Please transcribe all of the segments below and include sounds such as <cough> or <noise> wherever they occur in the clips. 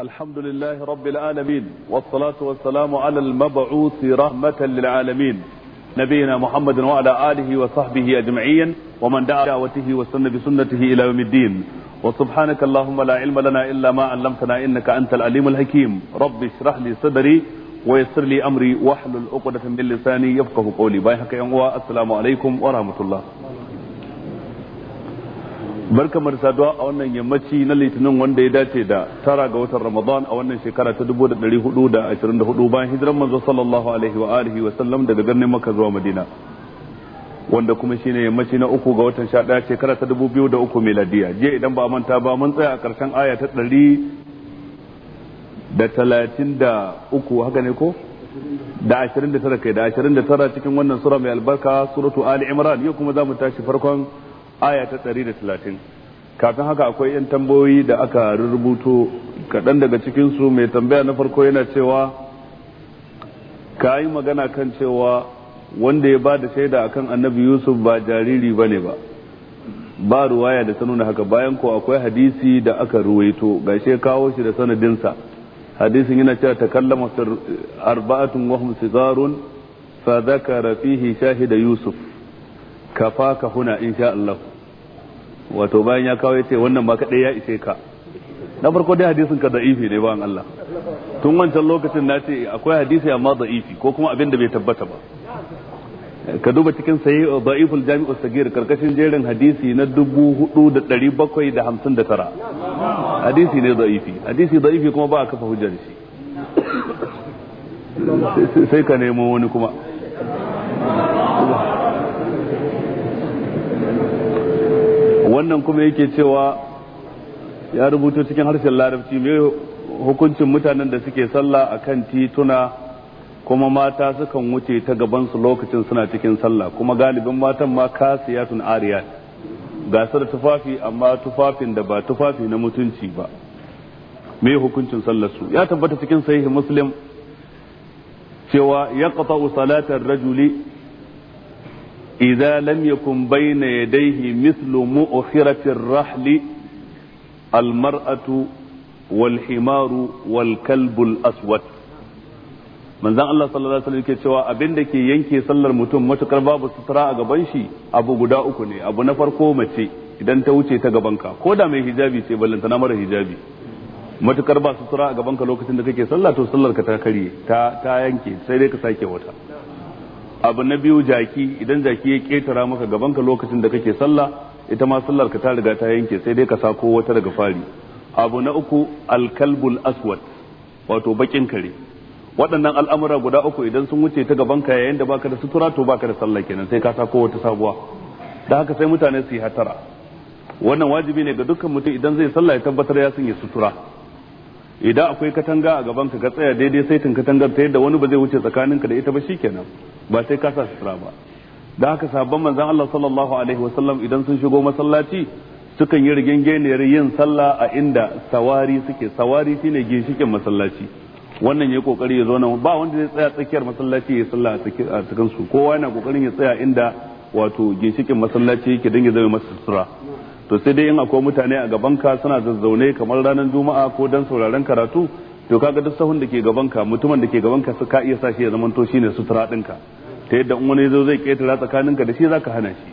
الحمد لله رب العالمين والصلاة والسلام على المبعوث رحمة للعالمين نبينا محمد وعلى آله وصحبه أجمعين ومن دعا دعوته وسن بسنته إلى يوم الدين وسبحانك اللهم لا علم لنا إلا ما علمتنا إنك أنت العليم الحكيم رب اشرح لي صدري ويسر لي أمري واحلل عقدة من لساني يفقه قولي بايحك يا السلام عليكم ورحمة الله barkamar saduwa a wannan yammaci na litinin wanda ya dace da tara ga watan ramadan a wannan shekara ta 1424 bayan hijiran manzo sallallahu alaihi wa alihi wa sallam daga birnin makka zuwa madina wanda kuma shine yammaci na uku ga watan 11 shekara ta 2003 miladiya jiya idan ba a manta ba mun tsaya a karshen aya ta 100 da 33 haka ne ko da 29 kai da 29 cikin wannan sura mai albarka suratu ali imran yau kuma za mu tashi farkon aya ta 130 kafin haka akwai yan tambayoyi da aka rubuto kaɗan daga cikinsu mai tambaya na farko yana cewa ka yi magana kan cewa wanda ya ba da shaida akan annabi yusuf ba jariri ba ne ba ba ruwaya da sanuna haka bayan ko akwai hadisi da aka ruwaito gaishe kawo shi da sanadinsa hadisin yana cewa ta kallama arba'atun wahum sigarun fa zakara fihi shahida yusuf ka huna insha Allah wato bayan ya kawo yace wannan ba kaɗai ya ishe ka na farko dai hadisin ka da'ifi ne bayan Allah tun wancan lokacin na ce akwai hadisi amma da'ifi ko kuma abin da bai tabbata ba ka duba cikin sayi da'iful jami'u sagir karkashin jerin hadisi na 4759 hadisi ne da'ifi hadisi da'ifi kuma ba a kafa hujjar shi sai ka nemo wani kuma wannan kuma yake cewa ya rubuto cikin harshen larabci mai hukuncin mutanen da suke sallah a kan tituna kuma mata sukan wuce ta gabansu lokacin suna cikin sallah kuma galibin matan ma kasiyatun ariyat gasar tufafi amma tufafin da ba tufafi na mutunci ba mai hukuncin sallarsu ya tabbata cikin sahihi muslim cewa ya salatan rajuli إذا لم يكن بين يديه مثل مؤخرة الرحل المرأة والحمار والكلب الأسود manzan Allah sallallahu alaihi wasallam yake cewa abin da ke yanke sallar mutum matukar babu sutura a gaban shi abu guda uku ne abu na farko mace idan ta wuce ta gabanka ko da mai hijabi ce ballanta na mara hijabi matukar ba sutura a gabanka lokacin da kake sallah to sallar ka ta karye ta ta yanke sai dai ka sake wata abu na biyu jaki idan jaki ya ketara maka gabanka lokacin da kake sallah ita ma sallar ka ta riga ta yanke sai dai ka sako wata daga fari abu na uku alkalbul aswad wato bakin kare waɗannan al'amura guda uku idan sun wuce ta gabanka yayin da baka da sutura to baka da sallah kenan sai ka sako wata sabuwa da haka sai mutane su yi hatara wannan wajibi ne ga dukkan mutum idan zai sallah ya tabbatar ya sanya sutura idan akwai katanga a gaban ka ka tsaya daidai sai saitin katangar ta yadda wani ba zai wuce tsakaninka da ita ba shikenan ba sai ka sa sutura ba da haka sabon manzon Allah sallallahu alaihi wasallam idan sun shigo masallaci sukan yi rigingeniyar yin sallah a inda sawari suke sawari shine ginshikin masallaci wannan ya kokari ya zo nan ba wanda zai tsaya tsakiyar masallaci ya sallah a cikin su kowa yana kokarin ya tsaya inda wato ginshikin masallaci yake dan zama masa sutura to sai dai in akwai mutane a gaban ka suna zazzaune kamar ranar juma'a ko dan sauraron karatu to kaga duk sahun da ke gaban ka mutumin da ke gaban ka suka iya sa shi ya zamanto shine sutura ka ta yadda in wani zo zai ketara ka da shi zaka hana shi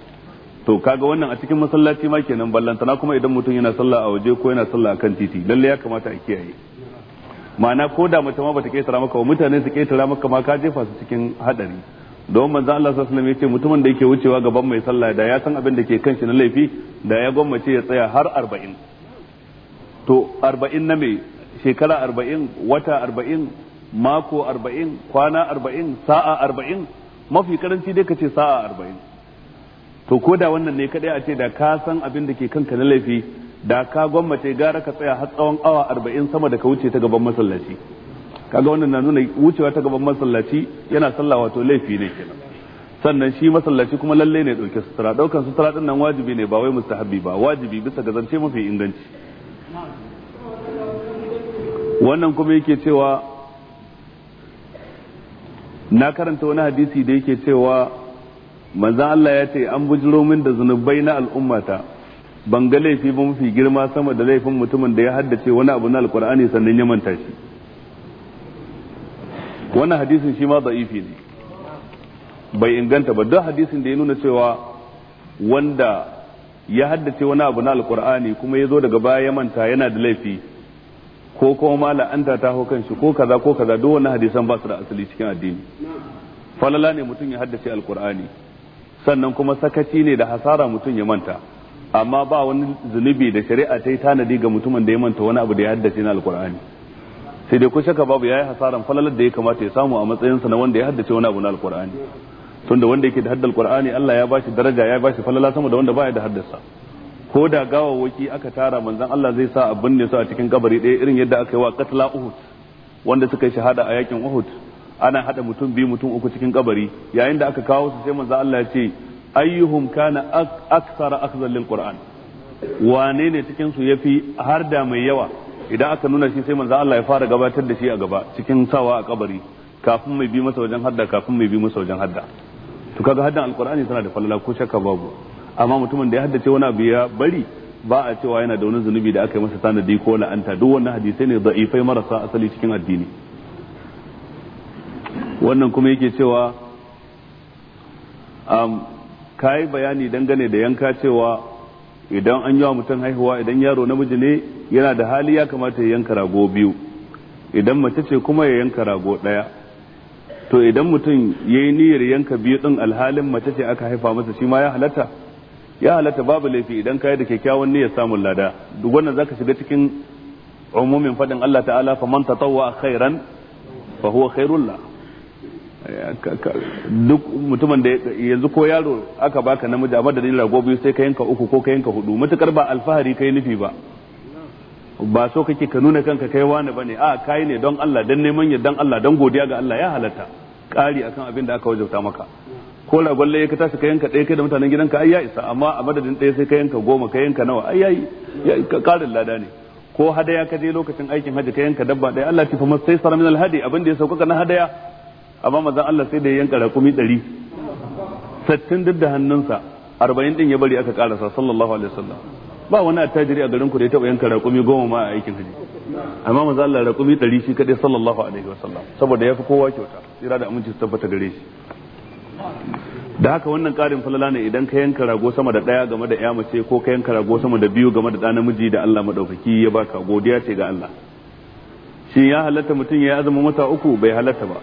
to kaga wannan a cikin masallaci ma kenan ballantana kuma idan mutum yana sallah a waje ko yana sallah akan titi lalle ya kamata a kiyaye ma'ana ko da mutum bata ketara maka wa mutane su ketara maka ma ka jefa su cikin hadari don manzo Allah sallallahu alaihi wasallam mutumin da yake wucewa gaban mai sallah da ya san abin da ke kanshi na laifi da ya gwammace ya tsaya har 40 to 40 na me shekara 40 wata 40 mako 40 kwana 40 sa'a 40 mafi karanci dai kace sa'a 40 to koda wannan ne kadai a ce da ka san abin da ke kanka na laifi da ka gwammace gara ka tsaya har tsawon awa 40 sama da ka wuce ta gaban masallaci kaga wannan na nuna wucewa ta gaban masallaci yana sallah wato laifi ne kenan sannan shi masallaci kuma lalle ne dauke sutura daukan sutura din nan wajibi ne ba wai mustahabbi ba wajibi bisa ga zance mafi inganci wannan kuma yake cewa na karanta wani hadisi da yake cewa manzan Allah ya ce an bujiro min da zunubai na al'ummata ban ga laifi ba mafi girma sama da laifin mutumin da ya haddace wani abu na alkur'ani sannan ya manta shi wannan hadisin shi ma da'ifi ne bai inganta ba duk hadisin da ya nuna cewa wanda ya haddace wani abu na alkur'ani kuma ya zo daga baya ya manta yana da laifi ko kuma ma la'anta ta kan shi ko kaza ko kaza duk wani hadisan ba su da asali cikin addini falala ne mutum ya haddace alkur'ani sannan kuma sakaci ne da hasara mutum ya manta amma ba wani zunubi da shari'a ta yi tanadi ga mutumin da ya manta wani abu da ya haddace na alkur'ani sai dai ko shaka babu yayi hasaran falalar da ya kamata ya samu a matsayinsa na wanda ya haddace wani abu na alqur'ani tunda wanda yake da haddal qur'ani Allah ya bashi daraja ya bashi falala sama da wanda baya da haddasa ko da gawawwaki aka tara manzon Allah zai sa abin ne su a cikin kabari ɗaya irin yadda aka yi wa katla Uhud wanda suka yi shahada a yakin Uhud ana hada mutum biyu mutum uku cikin kabari yayin da aka kawo su sai manzon Allah ya ce ayyuhum kana aksara akhzan lilqur'an wane ne cikin su yafi har da mai yawa idan aka nuna shi sai manzo Allah ya fara gabatar da shi a gaba cikin sawa a kabari kafin mai bi masa wajen hadda kafin mai bi masa wajen hadda to kaga haddan alqur'ani tana da falala ko shakka babu amma mutumin da ya haddace wani abu ya bari ba a cewa yana da wani zunubi da aka yi masa sanadi ko la'anta duk wannan hadisai ne da'ifai marasa asali cikin addini wannan kuma yake cewa um, ka bayani dangane da yanka cewa idan an yi wa mutum haihuwa idan yaro namiji ne yana da hali ya kamata ya yanka rago biyu idan mace ce kuma ya yanka rago ɗaya to idan mutum ya yi niyyar yanka biyu ɗin alhalin mace ce aka haifa masa shi ma ya halatta ya halatta babu laifi idan ka yi da kyakkyawan niyyar samun lada duk wannan zaka shiga cikin umumin faɗin Allah ta'ala faman tatawwa khairan fa huwa khairullah duk mutumin da yanzu ko yaro aka baka namiji a madadin rago biyu sai ka yanka uku ko ka yanka hudu matukar ba alfahari ka yi nufi ba ba so kake ka nuna kanka kai wani bane a kai ne don Allah dan neman yardan Allah dan godiya ga Allah ya halatta kari akan abin da aka wajauta maka ko ragon laye ka tashi ka yanka ɗaya kai da mutanen gidanka ai ya isa amma a madadin ɗaya sai ka yanka goma ka yanka nawa ai yayi karin lada ne ko hadaya ka je lokacin aikin hajji ka yanka dabba ɗaya Allah tifa masai sai saramin alhadi abin da ya sauka na hadaya amma mazan Allah sai da ya yanka rakumi ɗari. sattin duk da hannunsa arba'in din ya bari aka karasa sallallahu alaihi wasallam ba wani attajiri a garin ku da ya taba yanka rakumi goma ma a aikin haji amma mazan Allah rakumi ɗari shi kaɗai sallallahu alaihi wasallam saboda ya fi kowa kyauta tsira da aminci su tabbata gare shi da haka wannan karin falala ne idan ka yanka rago sama da ɗaya game da ya mace ko ka yanka rago sama da biyu game da ɗa namiji da Allah maɗaukaki ya baka godiya ce ga Allah Shin ya halatta mutum ya azumi mata uku bai halatta ba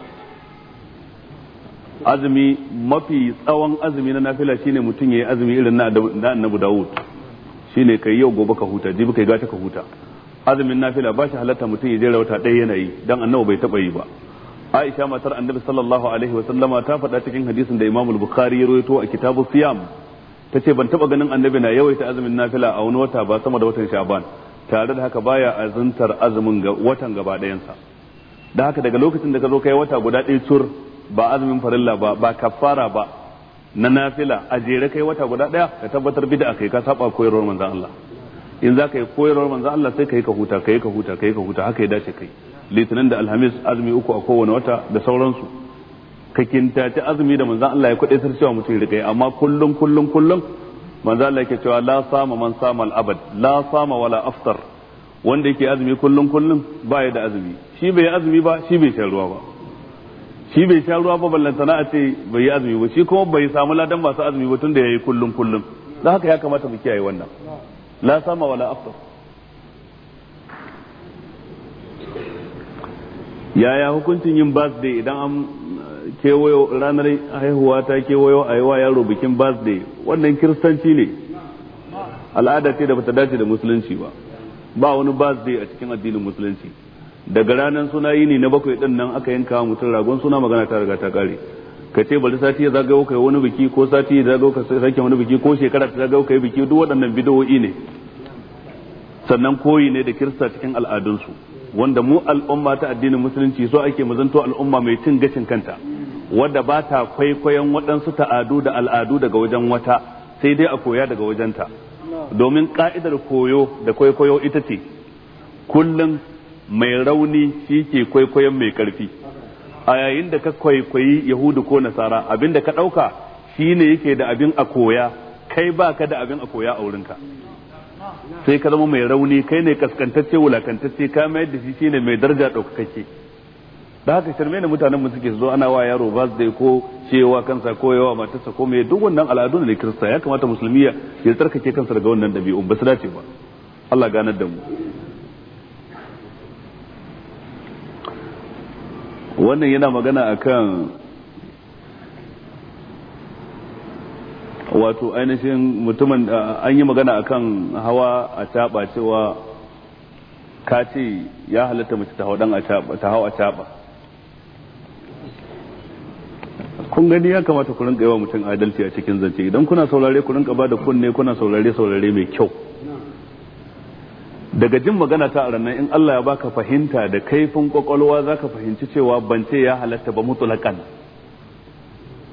azumi mafi tsawon azumi na nafila shine mutum ya yi azumi irin na annabi Dawud shine kai yau gobe ka huta jibi kai gata ka huta azumin nafila ba shi halatta mutum ya jera wata ɗaya yanayi dan annabi bai taba yi ba Aisha matar annabi sallallahu alaihi wa sallama ta faɗa cikin hadisin da Imamul Bukhari ya rawaito a kitabu siyam tace ban taba ganin annabi na yawaita azumin nafila a wani wata ba sama da watan Sha'ban tare da haka baya azuntar azumin ga watan gaba ɗayansa da haka daga lokacin da ka zo kai wata guda ɗaya tur ba azumin farilla ba ba kafara ba na nafila a jere kai wata guda daya ka tabbatar bid'a kai ka saba koyarwar manzon Allah in za ka yi koyarwar manzon Allah sai yi ka huta kai ka huta kai ka huta haka ya dace kai litinin da alhamis azumi uku a kowane wata da sauransu ka kintace azumi da manzon Allah ya kudaitar cewa mutum ya rika amma kullun kullun kullun manzo Allah yake cewa la sama man sama al-abad la sama wala aftar wanda yake azumi kullun kullun ba ya da azumi shi bai azumi ba shi bai shan ruwa ba shi bai sha ruwa ba ballantana a ce bai yi azumi ba shi kuma bai samu ladan masu azumi ba tun da yayi kullum kullum don haka ya kamata mu kiyaye wannan la sama wala aftar yaya hukuncin yin birthday idan an eh, kewayo ranar haihuwa ta kewayo a yawa yaro bikin birthday wannan kiristanci ne al'ada ce da bata dace da musulunci ba ba wani birthday a cikin addinin musulunci daga ranar suna ne na bakwai din nan aka yanka mutum ragon suna magana ta riga ta kare ka ce bari sati ya zagayo kai wani biki ko sati ya zagayo ka sake wani biki ko shekara ta zagayo kai biki duk waɗannan bidowoyi ne sannan koyi ne da kirista cikin al'adunsu wanda mu al'umma ta addinin musulunci so ake mazanto al'umma mai cin gashin kanta wadda ba ta kwaikwayon waɗansu ta'adu da al'adu daga wajen wata sai dai a koya daga wajenta domin ka'idar koyo da kwaikwayo ita ce kullum mai rauni shi ke kwaikwayon mai karfi a yayin da ka kwaikwayi yahudu ko nasara abin da ka ɗauka shi ne yake da abin a koya kai ba ka da abin a koya a wurinka sai ka zama mai rauni kai ne kaskantacce wulakantacce ka mayar da shi shine mai daraja ɗaukakakke da haka shirme ne mutanen mu suke zo ana wa yaro birthday ko cewa kansa ko yawa matarsa ko mai duk wannan al'adu ne kirista ya kamata musulmi ya tsarkake kansa daga wannan dabi'un ba su dace ba Allah ganar da mu wannan yana magana akan wato ainihin mutumin an yi magana akan hawa a caba cewa ka ce ya halatta mace ta hau a kun gani ya kamata ku rinka yawa mutum adalci a cikin zance idan kuna saurare ku rinka ba da kunne kuna saurare saurare mai kyau daga jin magana ta a in Allah ya baka fahimta da kaifin kwakwalwa za ka fahimci cewa ban ce ya halatta ba mutulakan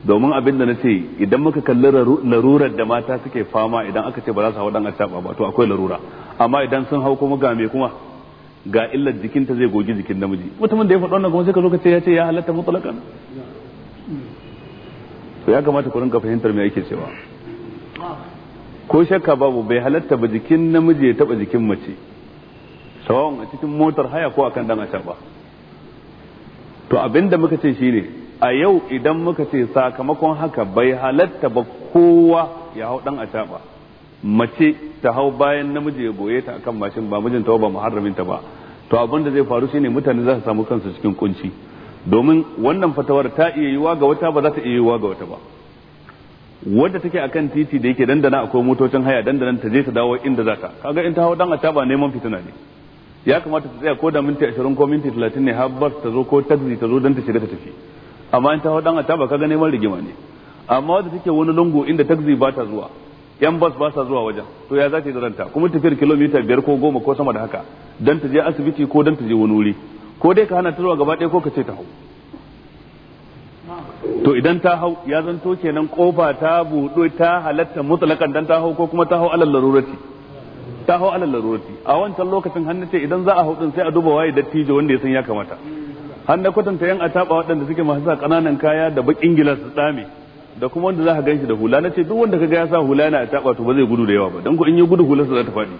domin abin da na ce idan muka kalli larurar da mata suke fama idan aka ce ba za su hau dan acaba ba to akwai larura amma idan sun hau kuma ga me kuma ga illar jikinta zai goge jikin namiji mutumin da ya faɗo wannan kuma sai ka zo ka ce ya ce ya halatta mutulakan to ya kamata ku rinka fahimtar me yake cewa ko shakka babu bai halatta ba jikin namiji ya taba jikin mace sawawan a cikin motar haya ko akan dan acaba to abinda muka ce shine a yau idan muka ce sakamakon haka bai halatta ba kowa ya hau dan acaba mace ta hau bayan namiji ya goye ta akan mashin ba mijinta ba muharramin ta ba to abinda zai faru shine mutane za su samu kansu cikin kunci domin wannan fatawar ta iya yiwa ga wata ba za ta iya yiwa ga wata ba wadda take akan titi da yake dandana akwai motocin haya dandanan ta je ta dawo inda za kaga in ta hau dan a neman fitina ne ya kamata ta tsaya ko da minti ashirin ko minti talatin ne har bas ta zo ko taxi ta zo don ta shiga ta tafi amma in ta hau dan ka kaga neman rigima ne amma wanda take wani lungu inda taxi ba ta zuwa yan bas ba sa zuwa wajen to ya za ta yi kuma tafiyar kilomita biyar ko goma ko sama da haka don ta je asibiti ko don ta je wani wuri ko dai ka hana ta zuwa gaba ɗaya ko ka ce ta hau to idan ta hau ya zanto kenan kofa ta buɗe ta halatta mutlakan dan ta hau ko kuma ta hau alal larurati ta hau alal larurati a wancan lokacin hannu ce idan za a hau sai a duba waye dattijo wanda ya san ya kamata hannu kwatanta yan ataba waɗanda suke masu sa kananan kaya da bakin gilas su tsame da kuma wanda za ka ganshi da hula na ce duk wanda kaga ya sa hula yana taba to ba zai gudu da yawa ba dan ko in yi gudu hula za ta faɗi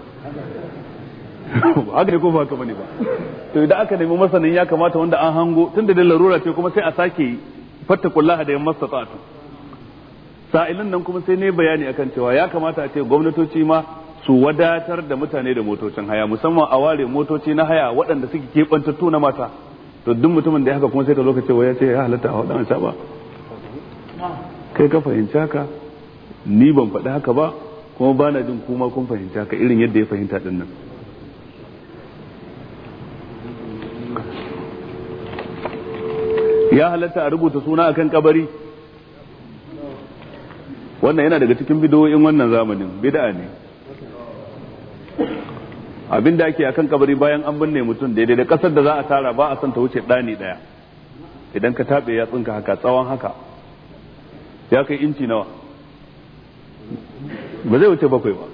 haka ne ko ba haka bane ba to idan aka nemi masanin ya kamata wanda an hango tunda da larura ce kuma sai a sake fatta kullaha da yamma sata'atu sa'ilin nan kuma sai ne bayani akan cewa ya kamata a ce gwamnatoci ma su wadatar da mutane da motocin haya musamman a ware motoci na haya waɗanda suke keɓantattu na mata to duk mutumin da ya haka kuma sai ka lokaci wa ya ce ya halatta a waɗansa ba kai ka fahimci haka ni ban faɗi haka ba kuma ba na jin kuma kun fahimci haka irin yadda ya fahimta ɗin nan ya halatta a rubuta suna akan kabari wannan yana daga cikin bidoyin wannan zamanin bid'a ne abin da ake akan kabari bayan an binne mutum daidai da kasar da za a tara ba a son ta wuce ɗani ɗaya idan ka taɓe ya tsinka haka tsawon haka ya kai inci nawa ba zai wuce bakwai ba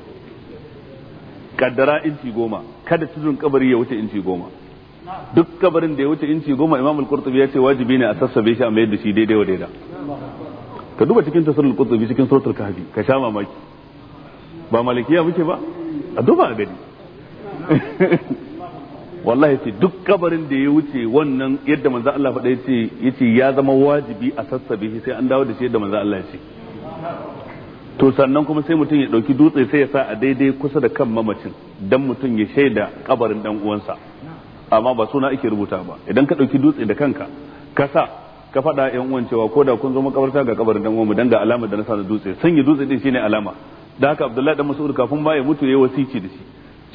kaddara inci goma kada tudun kabari ya wuce inci goma duk kabarin da ya wuce inci goma imam al-qurtubi ya ce wajibi ne a sassabe shi a mayar da shi daidai wa daida ka duba cikin tasirin al-qurtubi cikin suratul kahfi ka sha mamaki ba malikiya muke ba a duba a gani <laughs> wallahi ce duk kabarin da ya wuce wannan yadda manzo Allah faɗa yace yace ya zama wajibi a sassabe shi sai an dawo da shi yadda manzo Allah ya ce to sannan kuma sai mutum ya dauki dutse sai ya sa a daidai kusa da kan mamacin dan mutum ya shaida kabarin dan uwansa amma ba suna ake rubuta ba idan ka dauki dutse da kanka ka sa ka faɗa yan uwan cewa ko da kun zo makabarta ga kabarin dan uwanmu dan ga alamar da na sa da dutse sanya dutse din shine alama da haka Abdullahi dan Mas'ud kafin ba ya mutu yayi wasici da shi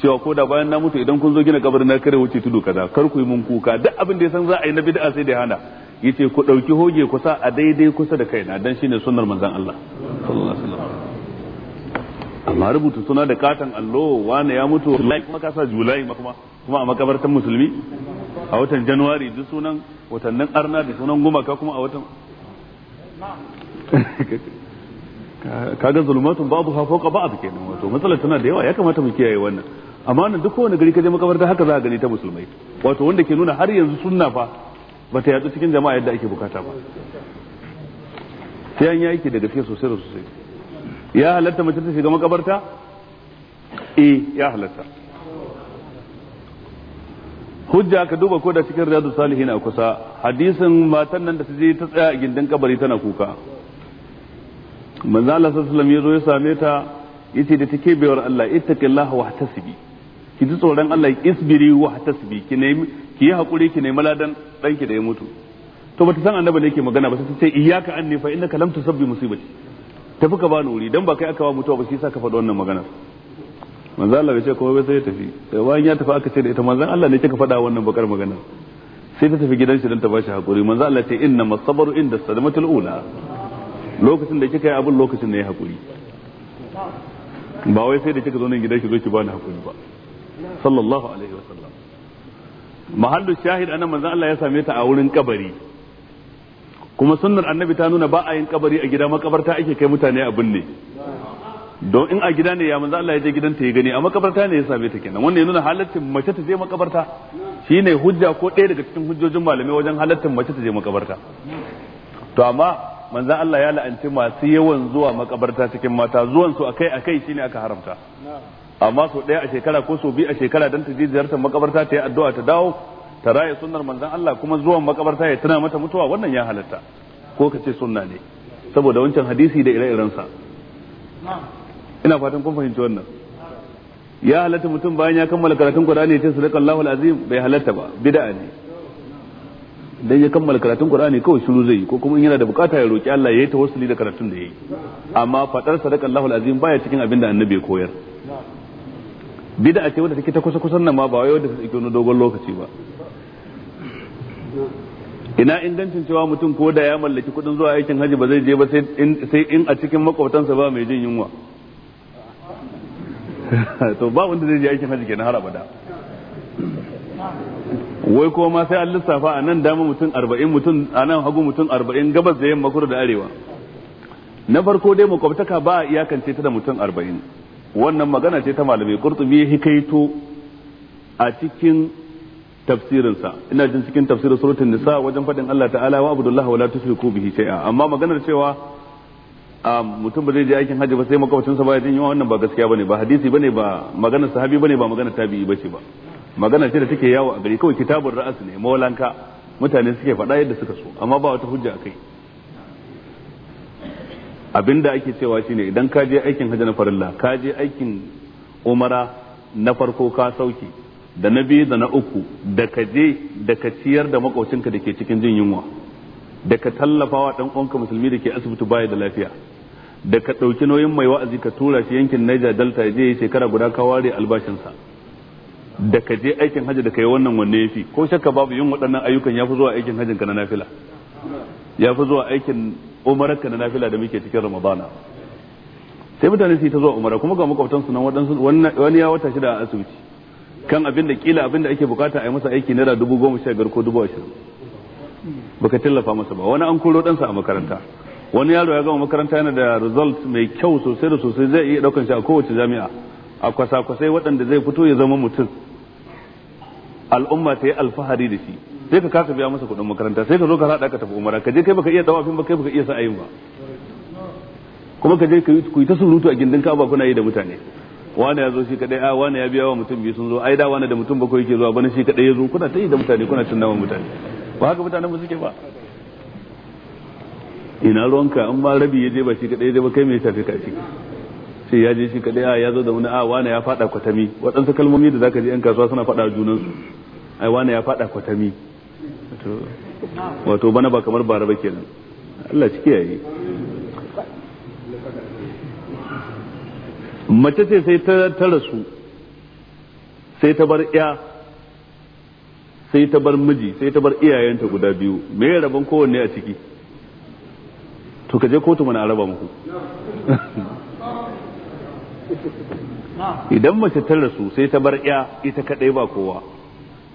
cewa ko da bayan na mutu idan kun zo gina kabarin na kare wuce tudu kaza kar ku yi mun kuka duk abin da ya san za a yi na bid'a sai da hana yace ku dauki hoge kusa a daidai kusa da kaina dan shine sunnar manzon Allah sallallahu alaihi wasallam amma Rubutu suna da katan allo wani ya mutu lai kuma kasa julai kuma kuma a makabartan musulmi a watan januwari duk sunan watannin arna da sunan gumaka kuma a watan <laughs> kaga zulumatun babu ha fauka ba'd kenan wato matsalar tana da yawa ya kamata mu kiyaye wannan amma nan duk kowane gari ka je makabarta haka za a gani ta musulmai wato wanda ke nuna har yanzu sunna fa ba ta yatsu cikin jama'a yadda ake bukata ba sai an yi da gaske sosai da sosai ya halatta mace ta shiga makabarta eh ya halatta hujja ka duba ko da cikin riyadu salihin a kusa hadisin matan nan da ta je ta tsaya a gindin kabari tana kuka manzo Allah sallallahu alaihi wasallam ya zo ya same ta yace da take bayar Allah ittaqillaha wahtasibi ki ji tsoron Allah ki isbiri wa tasbi ki nemi ki yi hakuri ki nemi ladan danki da ya mutu to bata san annabi ne yake magana ba sai sai iyyaka anni fa innaka lam tusabbi musibati tafi ka bani wuri dan ba kai aka ba mutuwa ba shi yasa ka faɗi wannan magana manzo Allah bai ce kuma bai sai ya tafi sai bayan ya tafi aka ce da ita manzo Allah ne kika faɗa wannan bakar magana sai ta tafi gidan shi dan ta ba shi hakuri manzo Allah ce inna masabaru inda sadamatul ula lokacin da kika yi abin lokacin ne ya hakuri ba wai sai da kika zo nan gidan ki zo ki bani hakuri ba sallallahu alaihi sallam mahallu shahid anan manzon Allah ya same ta a wurin kabari kuma sunnar annabi ta nuna ba a yin kabari a gida makabarta ake kai mutane a binne don in a gida ne ya manzo Allah ya je gidanta ya gani a makabarta ne ya same ta kenan wannan ya nuna halaccin mace ta je makabarta shine hujja ko ɗaya daga cikin hujjojin malamai wajen halaccin mace ta je makabarta to amma manzo Allah ya la'anci masu yawan zuwa makabarta cikin mata zuwan su akai akai shine aka haramta amma sau ɗaya a shekara ko sau biyu a shekara don ta je ziyartar makabarta ta yi addu'a ta dawo ta raya sunnar manzon Allah kuma zuwan makabarta ya tuna mata mutuwa wannan ya halatta ko ka ce sunna ne saboda wancan hadisi da ire-irensa ina fatan kun fahimci wannan ya halatta mutum bayan ya kammala karatun Qur'ani ya ce sadaqallahu alazim bai halatta ba bid'a ne dan ya kammala karatun Qur'ani kawai shiru zai yi ko kuma in yana da bukata ya roki Allah ya yi tawassuli da karatun da yayi amma fadar sadaqallahu alazim baya cikin abin da annabi ya koyar bid'a ce wadda take ta kusa kusan nan ma ba wai wadda ta tsike wani dogon lokaci ba ina ingancin cewa mutum ko da ya mallaki kudin zuwa aikin haji ba zai je ba sai in a cikin makwabtansa ba mai jin yunwa <laughs> to ba wanda zai je aikin haji kenan har abada wai ko ma sai an lissafa a nan dama mutum arba'in mutum a nan hagu mutum arba'in gabas da yamma kudu da arewa na farko dai makwabtaka ba a iyakance ta da mutum arba'in wannan magana ce ta malamai kurtubi ya hikaito a cikin tafsirinsa ina jin cikin tafsirin suratul nisa wajen faɗin Allah ta'ala wa abdullah wa tusriku bihi shay'a amma maganar cewa mutum ba zai je aikin haji ba sai makwabcinsa ba ya jin wannan ba gaskiya bane ba hadisi bane ba maganar sahabi bane ba maganar tabi'i bace ba magana ce da take yawo a gari kawai kitabun ra'as ne maulanka mutane suke faɗa yadda suka so amma ba wata hujja akai abinda ake cewa shine idan ka je aikin hajji na farilla ka je aikin umara na farko ka sauke da na biyu da na uku da ka je da ka ciyar da makocinka da ke cikin jin yunwa da ka tallafa wa dan uwanka musulmi da ke asibiti baya da lafiya da ka ɗauki nauyin mai wa'azi ka tura shi yankin Niger Delta ya je ya shekara guda ka ware albashinsa da ka je aikin hajji da ka yi wannan wanne yafi ko shakka babu yin waɗannan ayyukan ya fi zuwa aikin hajjin ka na nafila ya fi zuwa aikin umararka na nafila da muke cikin ramadana sai mutane su yi ta zuwa umara kuma ga makwabtansu nan waɗansu wani ya wata shida a asibiti kan abin da kila abin da ake bukata a yi masa aiki naira dubu goma sha biyar ko dubu ashirin baka tallafa masa ba wani an koro ɗansa a makaranta wani yaro ya gama makaranta yana da result mai kyau sosai da sosai zai iya ɗaukan shi a kowace jami'a a kwasa-kwasai waɗanda zai fito ya zama mutum al'umma ta yi alfahari da shi sai ka kasa biya masa kuɗin makaranta sai ka zo ka haɗa ka tafi umara ka je kai baka iya tawafin ba kai baka iya sa'ayin ba kuma ka je ku yi ta surutu a gindin ka'aba kuna yi da mutane wani ya zo shi kadai a wani ya biya wa mutum biyu sun zo ai da wani da mutum bakwai yake zuwa bana shi kadai ya zo kuna ta yi da mutane kuna cin naman mutane ba haka mutanen ba suke ba ina ruwanka an ma rabi ya je ba shi kadai ya je ba kai me tafi ka shi sai ya je shi kadai a ya zo da wani a wani ya fada kwatami waɗansu kalmomi da zaka ji yan kasuwa suna faɗa junansu ai wani ya fada kwatami wato bana ba kamar bara ba kenan Allah shi yayi. mace ce sai ta rasu sai ta bar ya sai ta bar miji sai ta bar iyayenta guda biyu me ya rabon kowanne a ciki to ka je kotu mana araba muku <laughs> idan mace ta rasu sai ta bar ya ita kadai ba kowa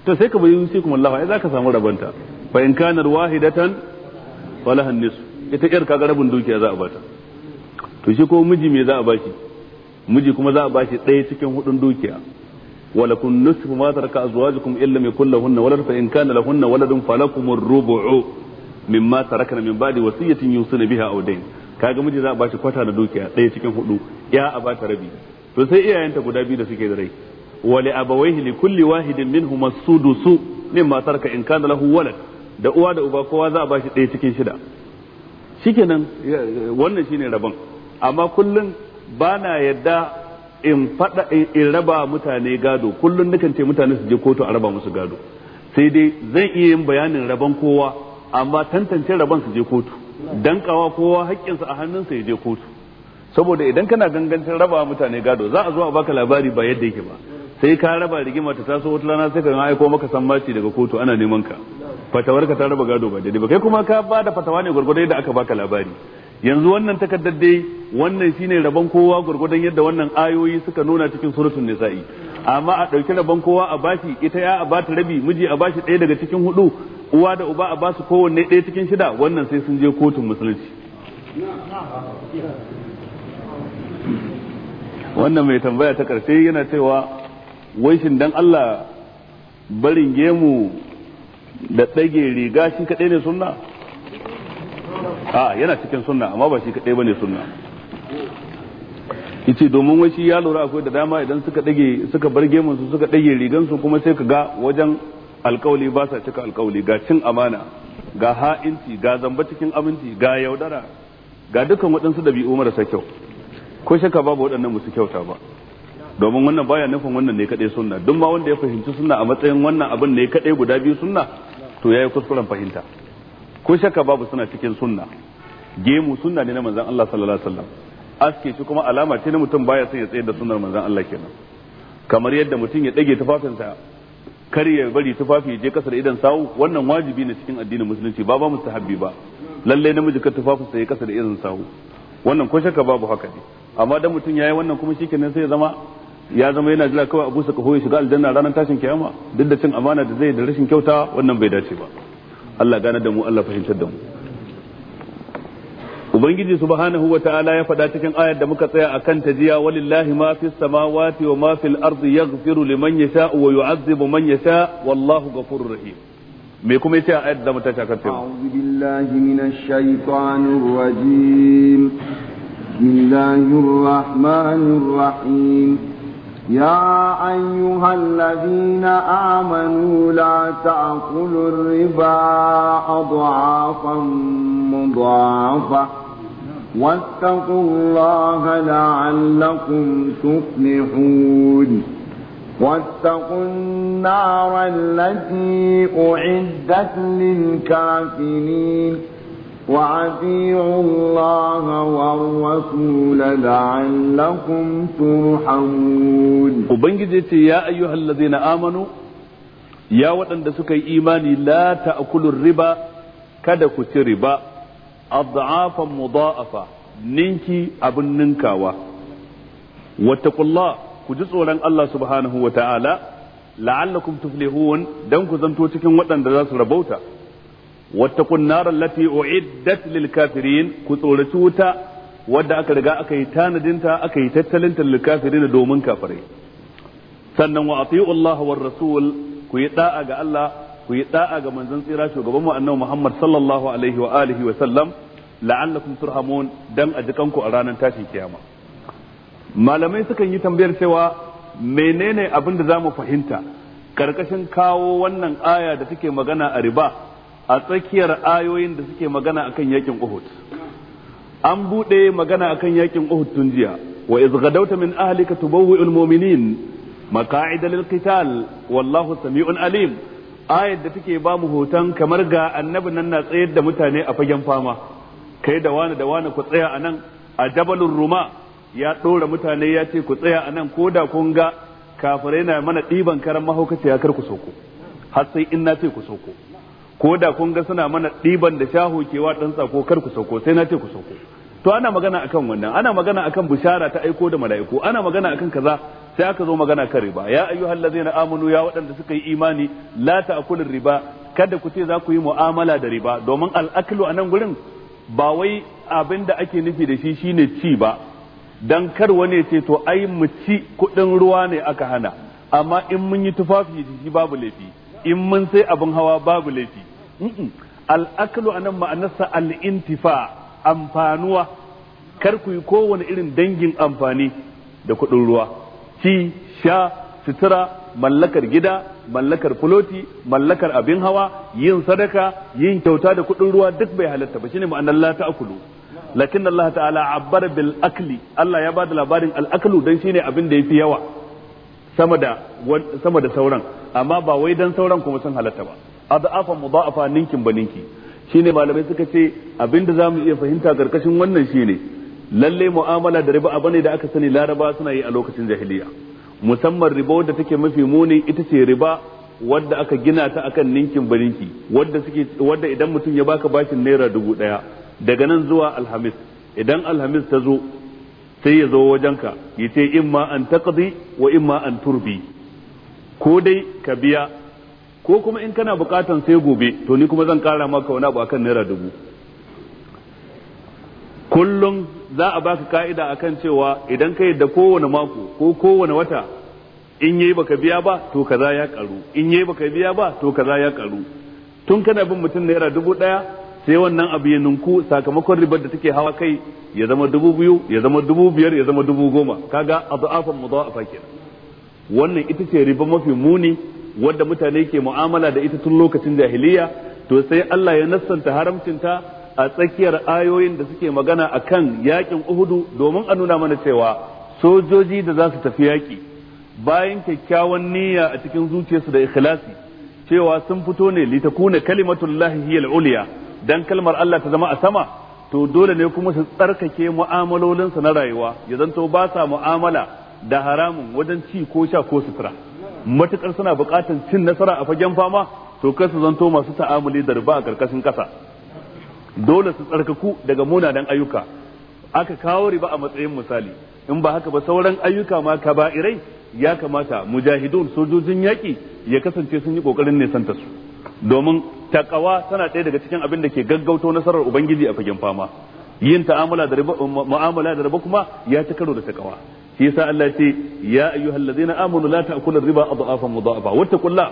to sai ka bayyana sai kuma Allah ai zaka samu rabanta fa in kana wahidatan falaha nisf ita yar kaga rabin dukiya za a bata to shi ko miji me za a bashi miji kuma za a bashi ɗaya cikin hudun dukiya wala kun ولكم ma taraka azwajukum illa ma kullahunna wala fa in kana lahunna waladun falakum ar-rubu'u mimma tarakna min ba'di wasiyatin يوصين biha aw dayn kaga miji za a bashi kwata da dukiya ɗaya cikin hudu ya a bata rabi to sai iyayenta guda biyu da suke da rai Wali li abawayhi li kulli wahidin minhum as-sudusu mimma taraka in kana lahu walad da uwa da uba kowa za a bashi ɗaya cikin shida shikenan wannan shine rabon amma kullun ba na yadda in fada in raba mutane gado kullun nukan ce mutane su je kotu a raba musu gado sai dai zan iya yin bayanin rabon kowa amma tantance rabon su je kotu dan kawa kowa haƙƙinsa a hannunsa ya je kotu saboda idan kana gangancin raba mutane gado za a zo a baka labari ba yadda yake ba sai ka raba rigima ta taso wata rana sai ka yi aiko maka sammaci daga kotu ana neman ka fatawar ka ta raba gado ba daidai ba kai kuma ka bada fatawa ne gwargwado yadda aka baka labari yanzu wannan takardar dai wannan shine rabon kowa gwargwadon yadda wannan ayoyi suka nuna cikin suratul nisa'i amma a ɗauki rabon kowa a bashi ita ya a bata rabi miji a bashi ɗaya daga cikin hudu uwa da uba a basu kowanne ɗaya cikin shida wannan sai sun je kotun musulunci wannan mai tambaya ta karshe yana cewa wai dan Allah barin gemu da ɗage riga shi kaɗai ne sunna a yana cikin sunna amma ba shi kaɗai ba ne sunna yace domin wai ya lura akwai da dama idan suka ɗage suka bar gemunsu suka ɗage rigansu kuma sai ka ga wajen alkawali ba sa cika alkawali ga cin amana ga ha'inci ga zamba cikin aminci ga yaudara ga dukkan waɗansu ɗabi'u marasa kyau ko shaka babu waɗannan musu kyauta ba domin wannan baya nufin wannan ne kadai sunna duk ma wanda ya fahimci sunna a matsayin wannan abin ne kadai guda biyu sunna to yayi kuskuren fahimta ko shakka babu suna cikin sunna gemu sunna ne na manzon Allah sallallahu alaihi wasallam aske shi kuma alama ce na mutum baya son ya tsayar da sunnar manzon Allah kenan kamar yadda mutum ya dage tufafinsa kar ya bari tufafi je kasar idan sawu wannan wajibi ne cikin addinin musulunci ba ba mustahabbi ba lalle namiji ka tufafinsa ya kasar idan sawu wannan ko shakka babu haka ne amma dan mutum yayi wannan kuma shikenan sai ya zama ya zama yana jira kawai abu busa kaho ya shiga aljanna ranar tashin kiyama duk da cin amana da zai da rashin kyauta wannan bai dace ba Allah gane da mu Allah fahimtar da mu ubangiji subhanahu wa ta'ala ya faɗa cikin ayar da muka tsaya akan ta jiya walillahi ma fis samawati wa ma fil ardi yaghfiru liman yasha'u wa yu'azzibu man yasha wallahu ghafurur rahim me kuma yace ayar da muka tsaya akan ta a'udhu billahi minash shaitanir rajim bismillahir rahmanir rahim يا أيها الذين آمنوا لا تأكلوا الربا أضعافا مضاعفة واتقوا الله لعلكم تفلحون واتقوا النار التي أعدت للكافرين وأطيعوا الله والرسول لعلكم ترحمون وبنجي يا أيها الذين آمنوا يا وطن دسكي إيماني لا تأكلوا الربا kada ku ci riba adhafan mudha'afa ninki abin ninkawa wattaqullah ku ji tsoron Allah subhanahu wa ta'ala la'allakum tuflihun dan ku zanto cikin waɗanda za su rabauta wattaqun nar allati uiddat lil kafirin ku tsoraci wuta wadda aka riga aka yi tanadinta aka yi tattalinta lil kafirin domin kafare. sannan wa ati'u Allah war rasul ku yi da'a ga Allah ku yi da'a ga manzon tsira shugaban mu annabi Muhammad sallallahu alaihi wa alihi wa sallam la'allakum turhamun dan a ku a ranar tashin kiyama malamai sukan yi tambayar cewa menene abin da zamu fahimta karkashin kawo wannan aya da take magana a riba a tsakiyar ayoyin da suke magana akan yakin Uhud an buɗe magana akan yakin Uhud tun jiya wa iz gadawta min ahlika tubawwi'ul mu'minin maqa'ida lil qital wallahu sami'un alim ayat da take ba mu hoton kamar ga annabi nan na tsayar da mutane a fagen fama kai da wani da wani ku tsaya anan a jabalur ruma ya dora mutane ya ce ku tsaya anan ko da kun ga kafirai na mana ɗiban karan mahaukaci ya kar ku soko har sai in na ce ku soko ko da kun ga suna mana ɗiban da shahu kewa ɗan tsako kar ku sauko sai na ce ku sauko to ana magana akan wannan ana magana akan bishara ta aiko da mala'iku ana magana akan kaza sai aka zo magana kan riba ya ayyuhal ladzina amanu ya waɗanda suka yi imani la ta'kulur riba kada ku ce za ku yi mu'amala da riba domin al'aklu a nan gurin ba wai abin da ake nufi da shi shine ci ba dan kar wani ce to ai mu ci kuɗin ruwa ne aka hana amma in mun yi tufafi da shi babu laifi in mun sai abin hawa babu laifi al'aklu a nan ma'anarsa al'intifa amfanuwa kar ku yi kowane irin dangin amfani da kuɗin ruwa ci sha sutura mallakar gida mallakar fuloti mallakar abin hawa yin sadaka yin kyauta da kuɗin ruwa duk bai halatta ba shine ma'anar la ta'kulu lakin Allah ta'ala Abbar bil akli Allah ya ba da labarin al aklu dan shine abin da yafi yawa sama da sama da sauran amma ba wai dan sauran kuma sun halatta ba adafan fa ninkin ba ninki shine malamai suka ce abinda zamu iya fahimta karkashin wannan shine lalle mu'amala da riba abane da aka sani laraba suna yi a lokacin jahiliya musamman riba wadda take mafi muni ita ce riba wadda aka gina ta akan ninkin ba ninki wadda suke idan mutum ya baka bashin naira dubu daya daga nan zuwa alhamis idan alhamis ta zo sai ya zo wajenka yace ce imma an taqdi wa imma an turbi ko dai ka biya ko kuma in kana bukatan sai gobe to ni kuma zan kara maka wani abu akan naira dubu kullum za a baka ka'ida akan cewa idan ka da kowane mako ko kowane wata in yayi baka biya ba to kaza ya karu in yayi baka biya ba to kaza ya karu tun kana bin mutum naira dubu daya sai wannan abu ya ninku sakamakon ribar da take hawa kai ya zama dubu biyu ya zama dubu biyar ya zama dubu goma kaga adu'afan mudawafa kenan wannan ita ce riba mafi muni wadda mutane ke mu'amala da ita tun lokacin jahiliya to sai Allah ya nassanta haramcinta a tsakiyar ayoyin da suke magana akan yakin Uhudu domin a nuna mana cewa sojoji da za su tafi yaki bayan kyakkyawan niyya a cikin zuciyarsu da ikhlasi cewa sun fito ne litakuna kalimatullahi hiyal uliya dan kalmar Allah ta zama a sama to dole ne kuma su tsarkake mu'amalolinsu na rayuwa ya zanto ba sa mu'amala da haramun wajen ci ko sha ko sutura matukar suna buƙatar cin nasara a fagen fama to kar su zanto masu ta'amuli da riba a karkashin ƙasa dole su tsarkaku daga munanan ayyuka aka kawo riba a matsayin misali in ba haka ba sauran ayyuka ma kaba'irai ya kamata mujahidun sojojin yaƙi ya kasance sun yi ƙoƙarin nisanta su domin takawa tana ɗaya daga cikin abin da ke gaggauto nasarar ubangiji a fagen fama yin ta'amala da riba mu'amala da riba kuma ya ci karo da takawa shi yasa Allah ce ya ayyuhal ladzina amanu la ta'kulu riba adhafan mudhafa wattaqulla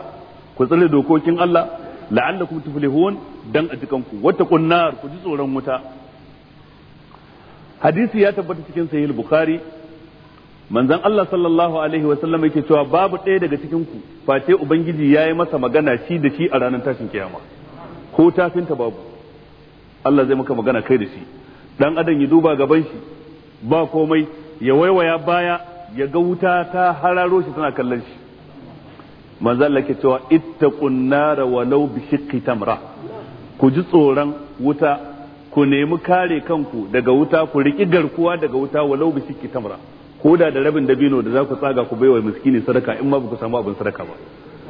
ku tsare dokokin Allah la'allakum tuflihun dan a cikanku wattaqun nar ku ji tsoron wuta hadisi ya tabbata cikin sahih bukhari manzon Allah sallallahu alaihi wa sallam yake cewa babu ɗaya daga cikin ku face ubangiji yayi masa magana shi da shi a ranar tashin kiyama ko tafinta babu Allah zai maka magana kai da shi dan adam ya duba gaban shi ba komai ya waiwaya baya ya ga wuta ta hararo shi tana kallon shi manzo Allah ke cewa ita nara walau bi shiqqi tamra ku ji tsoron wuta ku nemi kare kanku daga wuta ku riki garkuwa daga wuta walau bi shiqqi tamra ko da da rabin dabino da za ku tsaga ku baiwa miskini sadaka in ma ba ku samu abin sadaka ba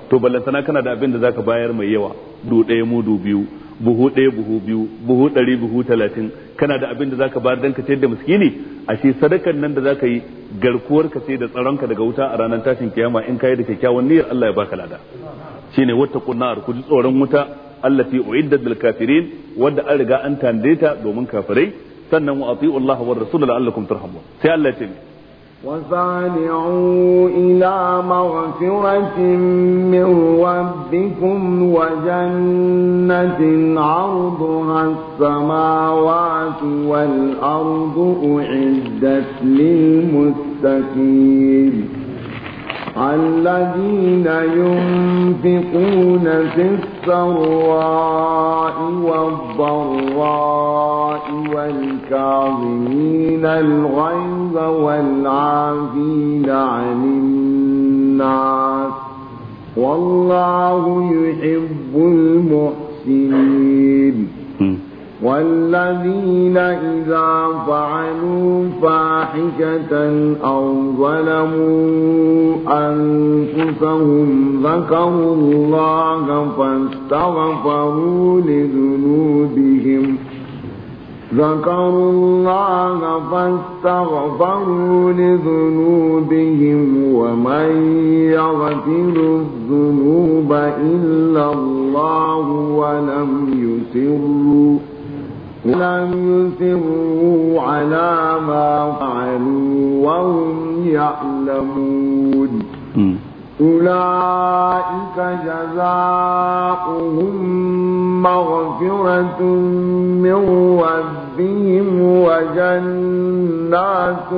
to ballantana kana da abin da zaka bayar mai yawa du ɗaya mudu biyu buhu ɗaya buhu biyu buhu ɗari buhu talatin kana da abin da zaka bayar dan ka ce da miskini ashe sadakan nan da zaka yi garkuwar ka ce da tsaron ka daga wuta a ranar tashin kiyama in kai da kyakkyawan niyyar Allah ya baka lada shine wata kunnar ku ji tsoron wuta allati uiddat lil kafirin wanda an riga an tandeta domin kafirai sannan wa ati'u Allah wa rasul la'allakum turhamun sai Allah ya ce وسارعوا إلى مغفرة من ربكم وجنة عرضها السماوات والأرض أعدت للمتقين الذين ينفقون في السراء والضراء والكاظمين الغيظ والعافين عن الناس والله يحب المحسنين والذين إذا فعلوا فاحشة أو ظلموا أنفسهم ذكروا الله فاستغفروا لذنوبهم ذكروا الله فاستغفروا لذنوبهم ومن يغفر الذنوب إلا الله ولم يسروا ولم يسروا على ما فعلوا وهم يعلمون أولئك جزاؤهم مغفرة من ربهم وجنات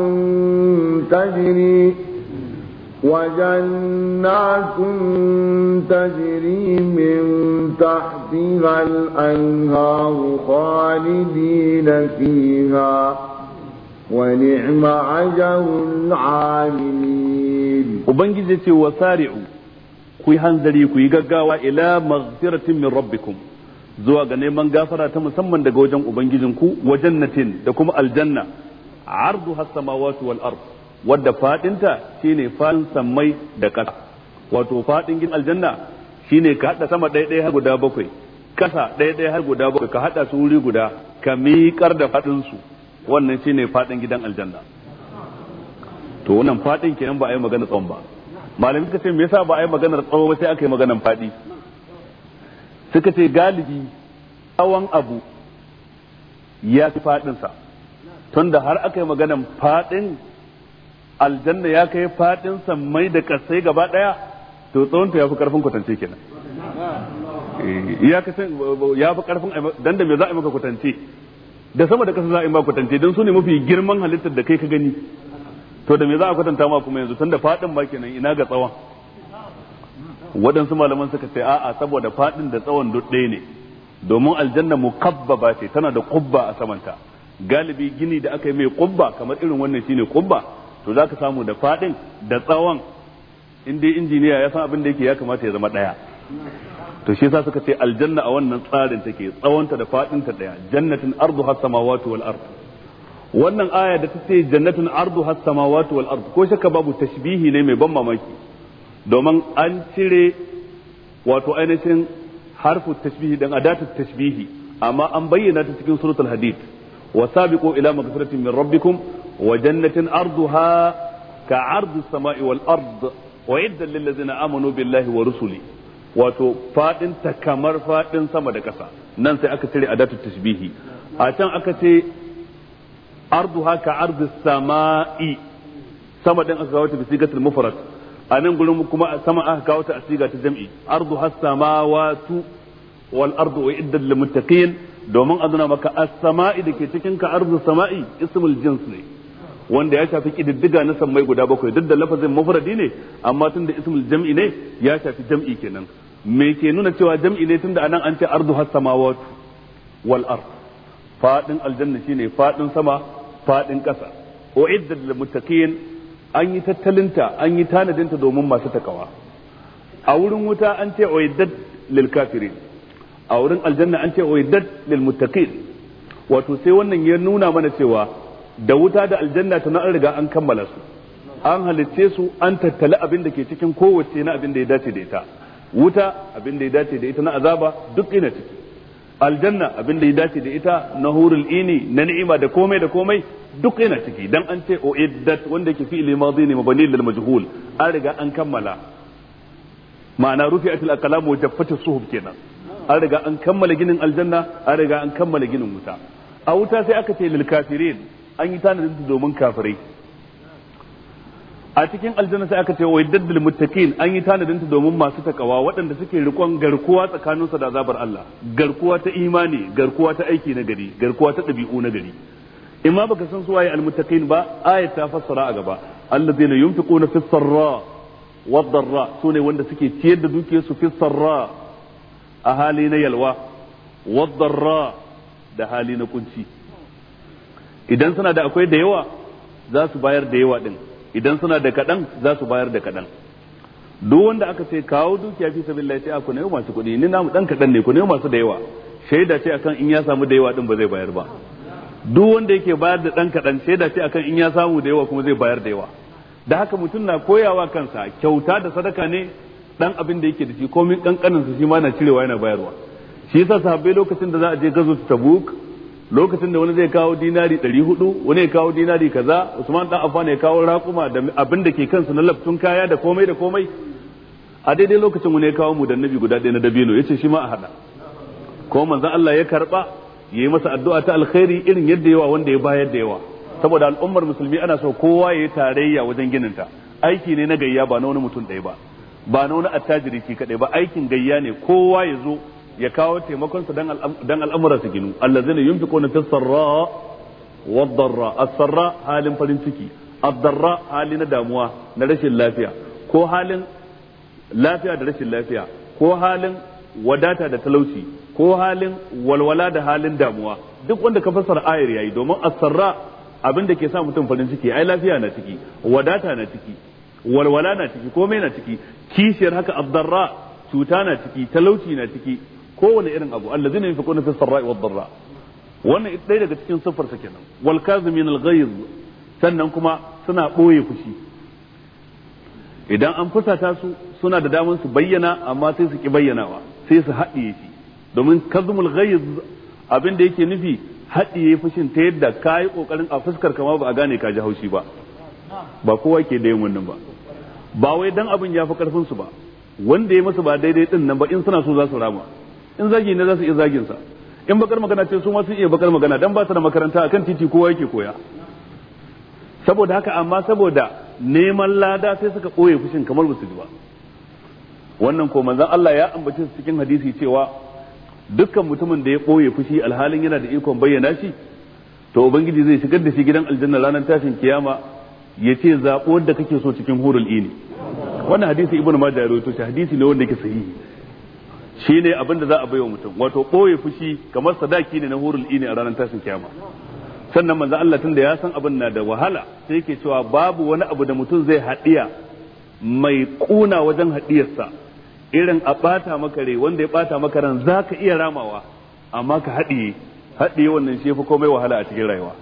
تجري وجنات تجري من تحتها الأنهار خالدين فيها ونعم أجر العالمين وبنجزتي وسارعوا كوي هنزلي كوي غاغاوا إلى مغفرة من ربكم zuwa ga neman gafara ta musamman daga wajen ubangijinku wa jannatin da kuma aljanna wal wadda fadinta shine fadin sammai da ƙasa wato fadin gidan aljanna shine ka hada sama ɗaya ɗaya har guda bakwai ƙasa ɗaya ɗaya har guda bakwai ka hada su wuri guda ka miƙar da fadin su wannan shine fadin gidan aljanna to wannan fadin kenan ba a yi magana tsawon ba malamin suka ce me yasa ba a yi maganar tsawon ba sai aka yi maganar fadi suka ce galibi tsawon abu ya fi fadinsa tunda har aka yi maganar fadin aljanna ya kai fadin mai da kasai gaba daya to tsawon ta yafi karfin kwatance kenan eh, ya kasan ya fi karfin dan da me za a yi maka kwatance da sama da kasa za a yi maka kwatance dan su ne mafi girman halittar da kai ka gani to da me za a kwatanta ma kuma yanzu tunda fadin ba kenan ina ga tsawon waɗansu malaman suka ce a'a saboda fadin da tsawon duk ɗaya ne domin aljanna mukabbaba ce tana da kubba a samanta galibi gini da aka yi mai kubba kamar irin wannan shine kubba to za ka samu da faɗin da tsawon in dai injiniya ya san abin da yake ya kamata ya zama ɗaya to shi yasa suka ce aljanna a wannan tsarin take tsawonta da faɗinta ɗaya jannatin ardu has samawati wal ard wannan aya da ta ce jannatin ardu has samawati wal ard ko shakka babu tashbihi ne mai ban mamaki domin an cire wato ainihin harfu tashbihi dan adatu tashbihi amma an bayyana ta cikin suratul hadid wasabiqu ila magfiratin min rabbikum wa jannatin arduha ka ardu samai wal ard wa iddan lil ladzina amanu wa rusuli wato faɗin ta kamar faɗin sama da ƙasa nan sai aka cire adatu tashbihi a can aka ce arduha ka ardu samai sama din aka kawo ta bi sigatul mufrad a nan gurin kuma sama aka kawo ta a siga ta jam'i ardu has samawatu wal ardu wa iddan lil muttaqin domin a nuna maka as-sama'i da ke cikin ka ardu sama'i ismul jins ne wanda ya shafi kididdiga na sammai guda bakwai duk da lafazin mufradi ne amma tunda ismul jam'i ne ya shafi jam'i kenan me ke nuna cewa jam'i ne tunda anan an ce ardu has samawat wal ard fadin aljanna shine fadin sama fadin kasa uiddat lil muttaqin an yi tattalinta an yi tanadinta domin masu takawa a wurin wuta an ce uiddat lil kafirin a wurin aljanna an ce uiddat lil muttaqin wato sai wannan ya nuna mana cewa da wuta da aljanna tana an riga an kammala su an halitce su an tattali abin da ke cikin kowace na abin da ya dace da ita wuta abin da ya dace da ita na azaba duk ina ciki aljanna abin da ya dace da ita na hurul ini na ni'ima da komai da komai duk yana ciki dan an ce o iddat wanda yake fi madi ne mabani lil majhul an riga an kammala ma'ana rufi'atul aqlam wa jaffatus suhuf kenan an riga an kammala ginin aljanna an riga an kammala ginin wuta a wuta sai aka ce lil kafirin an yi tanadin ta domin kafirai a cikin aljanna sai aka ce wa yaddadul muttaqin an yi tanadin ta domin masu takawa waɗanda suke rikon garkuwa tsakanin su da azabar Allah garkuwa ta imani garkuwa ta aiki na gari garkuwa ta ɗabi'u na gari imma baka san su waye ba ayat ta fassara a gaba allazina yunfiquna fis sarra wad darra sune wanda suke ciyar da dukiyarsu fis sarra a hali na yalwa wad darra da hali na kunci idan suna da akwai da yawa za su bayar da yawa din idan suna da kaɗan za su bayar da kaɗan duk wanda aka ce kawo dukiya fi sabilillah sai ku ne masu kuɗi ni namu dan kaɗan ne ku ne masu da yawa shaida ce akan in ya samu da yawa din ba zai bayar ba duk wanda yake bayar da dan kaɗan shaida ce akan in ya samu da yawa kuma zai bayar da yawa da haka mutum na koyawa kansa kyauta da sadaka ne dan abin da yake da shi komai kankanin su shi ma na cirewa yana bayarwa shi yasa sahabbai lokacin da za a je gazo tabuk lokacin da wani zai kawo dinari ɗari hudu wani ya kawo dinari kaza usman dan affan ya kawo raƙuma da abin da ke kansu na laftun kaya da komai da komai a daidai lokacin wani ya kawo mu da nabi guda ɗaya na dabino ya ce shi ma a haɗa ko manzon Allah ya karɓa ya yi masa addu'a ta alkhairi irin yadda yawa wanda ya bayar da yawa saboda al'ummar musulmi ana so kowa ya yi tarayya wajen ginin ta aiki ne na gayya ba na wani mutum ɗaya ba ba na wani attajiri ki kaɗai ba aikin gayya ne kowa ya zo ya kawo taimakonsa dan al'amura su ginu allazina yunfiquna fis sarra wad darra as-sarra halin farin ciki ad-darra hali na damuwa na rashin lafiya ko halin lafiya da rashin lafiya ko halin wadata da talauci ko halin walwala da halin damuwa duk wanda ka fassara ayar yayi domin as-sarra abin da ke sa mutum farin ciki ai lafiya na ciki wadata na ciki walwala na ciki komai na ciki kishiyar haka ad cuta na ciki talauci na ciki kowane irin abu allazina yunfiquna fi sarra'i wad darra wannan ɗaya daga cikin siffar sa kenan wal kazimin al ghayz sannan kuma suna boye fushi idan an fusata su suna da damar su bayyana amma sai su ki bayyanawa sai su haɗiye shi domin kazmul ghayz abin da yake nufi haɗiye fushin ta yadda ka kokarin a fuskar kama ba a gane ka ji haushi ba ba kowa ke da yin wannan ba ba wai dan abin ya fi su ba wanda ya masa ba daidai ɗin nan ba in suna so za su rama in zagi ne za su iya zagin sa in bakar magana ce su ma sun iya bakar magana dan ba su da makaranta akan titi kowa yake koya saboda haka amma saboda neman lada sai suka koye fushin kamar ba su ji ba wannan ko manzon Allah ya ambace su cikin hadisi cewa dukkan mutumin da ya koye fushi alhalin yana da ikon bayyana shi to ubangiji zai shigar da shi gidan aljanna ranar tashin kiyama ya ce zaɓo da kake so cikin hurul ini wannan hadisi ibnu majah ya rawaito shi hadisi ne wanda yake sahihi Shi ne abin da za a baiwa mutum wato ɓoye fushi kamar sadaki ne na hurul ini a ranar tashin kyama sannan manzo Allah tunda ya san abin na da wahala sai yake cewa babu wani abu da mutum zai haɗiya mai kuna wajen haɗiyarsa irin a ɓata maka rai wanda ya ɓata maka ran za ka iya ramawa amma ka haɗiye haɗiye wannan shi fi komai wahala a cikin rayuwa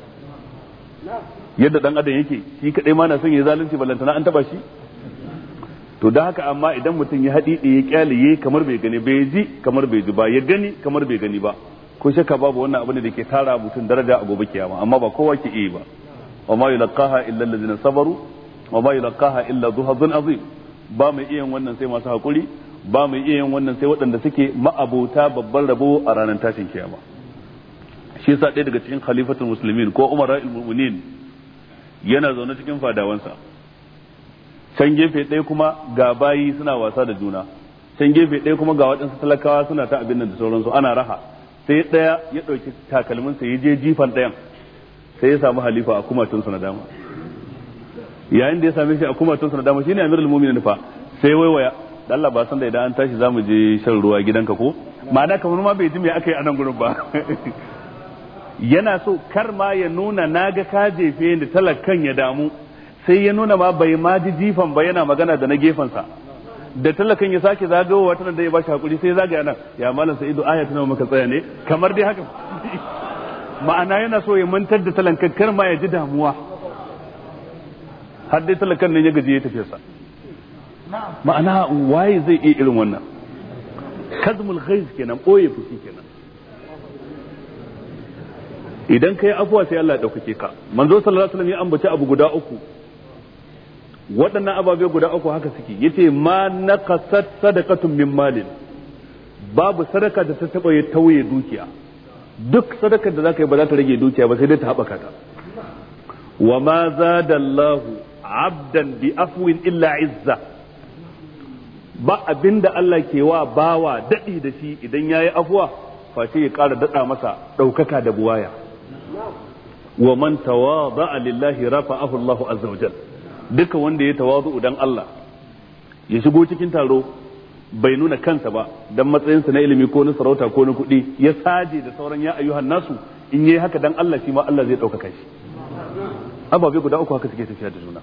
yadda dan adam yake shi kaɗai ma na son ya zalunci ballantana an taɓa shi to da haka amma idan mutum ya haɗi ya kyale kamar bai gani bai ji kamar bai ji ba ya gani kamar bai gani ba ko shakka babu wannan abin da ke tara mutum daraja a gobe kiyama amma ba kowa ke iya ba wa ma yulqaha illa allazina sabaru wa ma yulqaha illa dhu azim ba mai iya wannan sai masu hakuri ba mai iya wannan sai waɗanda suke ma'abota babban rabo a ranar tashin kiyama shi yasa ɗaya daga cikin khalifatul muslimin ko umara al-mu'minin yana zaune cikin fadawansa can gefe ɗaya kuma ga bayi suna wasa da juna can gefe ɗaya kuma ga waɗansu talakawa suna ta abin nan da sauransu ana raha sai ɗaya ya ɗauki takalmin ya je jifan ɗayan sai ya samu halifa a kumatunsa na dama yayin da ya same shi a kumatunsa na dama shine amirul mu'minin fa sai waiwaya dan Allah ba san da idan an tashi zamu je shan ruwa gidanka ko ma'ana kamar ma bai ji me aka yi a nan gurin ba <laughs> yana so kar ma ya nuna naga ka jefe ni talakan ya damu sai ya nuna ma bai ma ji jifan ba yana magana da na gefansa da talakan ya sake zagawowa tana da ya bashi hakuri sai zagaya nan ya malam sai ido aya tana maka tsaya ne kamar dai haka <laughs> ma'ana yana so ya mantar da talakan kar ma ya ji damuwa har dai talakan ne ya gaji ya tafi sa ma'ana waye zai iya irin wannan kazmul ghaiz kenan boye fushi kenan idan kai afuwa sai Allah ya dauke ka manzo sallallahu alaihi wasallam ya ambaci abu guda uku waɗannan ababe guda uku haka suke yace ma naqasat sadaqatun min malin babu sadaka da ta taba tauye dukiya duk sadakar da zaka yi ba za ta rage dukiya ba sai dai ta haɓaka ta wa ma da Allahu abdan bi afwin illa izza ba abinda Allah ke wa bawa daɗi da shi idan yayi afuwa face ya kara daɗa masa ɗaukaka da buwaya wa man tawada'a lillahi rafa'ahu Allahu azza wa jalla duka wanda ya tawazu dan Allah ya shigo cikin taro bai nuna kansa ba dan matsayinsa na ilimi ko na sarauta ko na kuɗi ya saje da sauran ya ayyuhan nasu in yayi haka dan Allah shi ma Allah zai ɗaukaka shi ababe guda uku haka suke tafiya da juna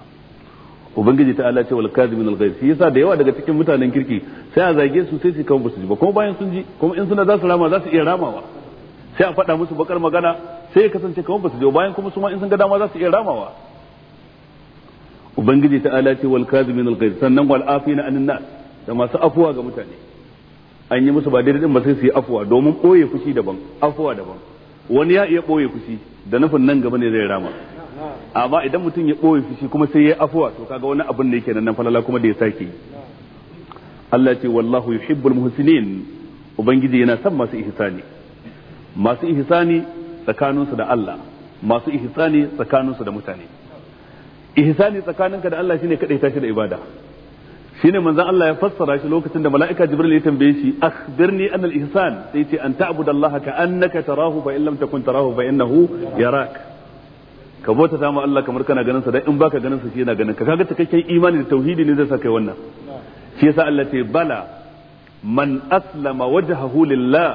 ubangiji ta Allah ce wal kadhimin al ghaiz yasa da yawa daga cikin mutanen kirki sai a zage su sai su kawo su ji ba kuma bayan sun ji kuma in suna za su rama za su iya ramawa sai a faɗa musu bakar magana sai ya kasance kamar ba su ji bayan kuma su ma in sun ga dama za su iya ramawa ubangiji ta ala ce wal kazimin al ghaiz sannan wal afina anin nas da masu afuwa ga mutane an yi musu ba daidai din ba sai su yi afuwa domin boye fushi daban afuwa daban wani ya iya boye fushi da nufin nan gaba ne zai rama amma idan mutum ya boye fushi kuma sai ya afuwa to kaga wani abin da yake nan falala kuma da ya sake yi Allah ce wallahu yuhibbul muhsinin ubangiji yana son masu ihsani masu ihsani tsakaninsu da Allah masu ihsani tsakaninsu da mutane ihsani tsakaninka da Allah shine kadai shi da ibada shine manzon Allah ya fassara shi lokacin da mala'ika Jibril ya tambaye shi akhbirni an al-ihsan sai ce an ta'budallaha ka annaka tarahu fa in lam takun tarahu fa innahu yarak ka bota ta Allah kamar kana ganin sa dan in baka ganin sa shi yana ganin ka kaga cikakken imani da tauhidi ne zai saka kai wannan shi yasa Allah ce bala man aslama wajhahu lillah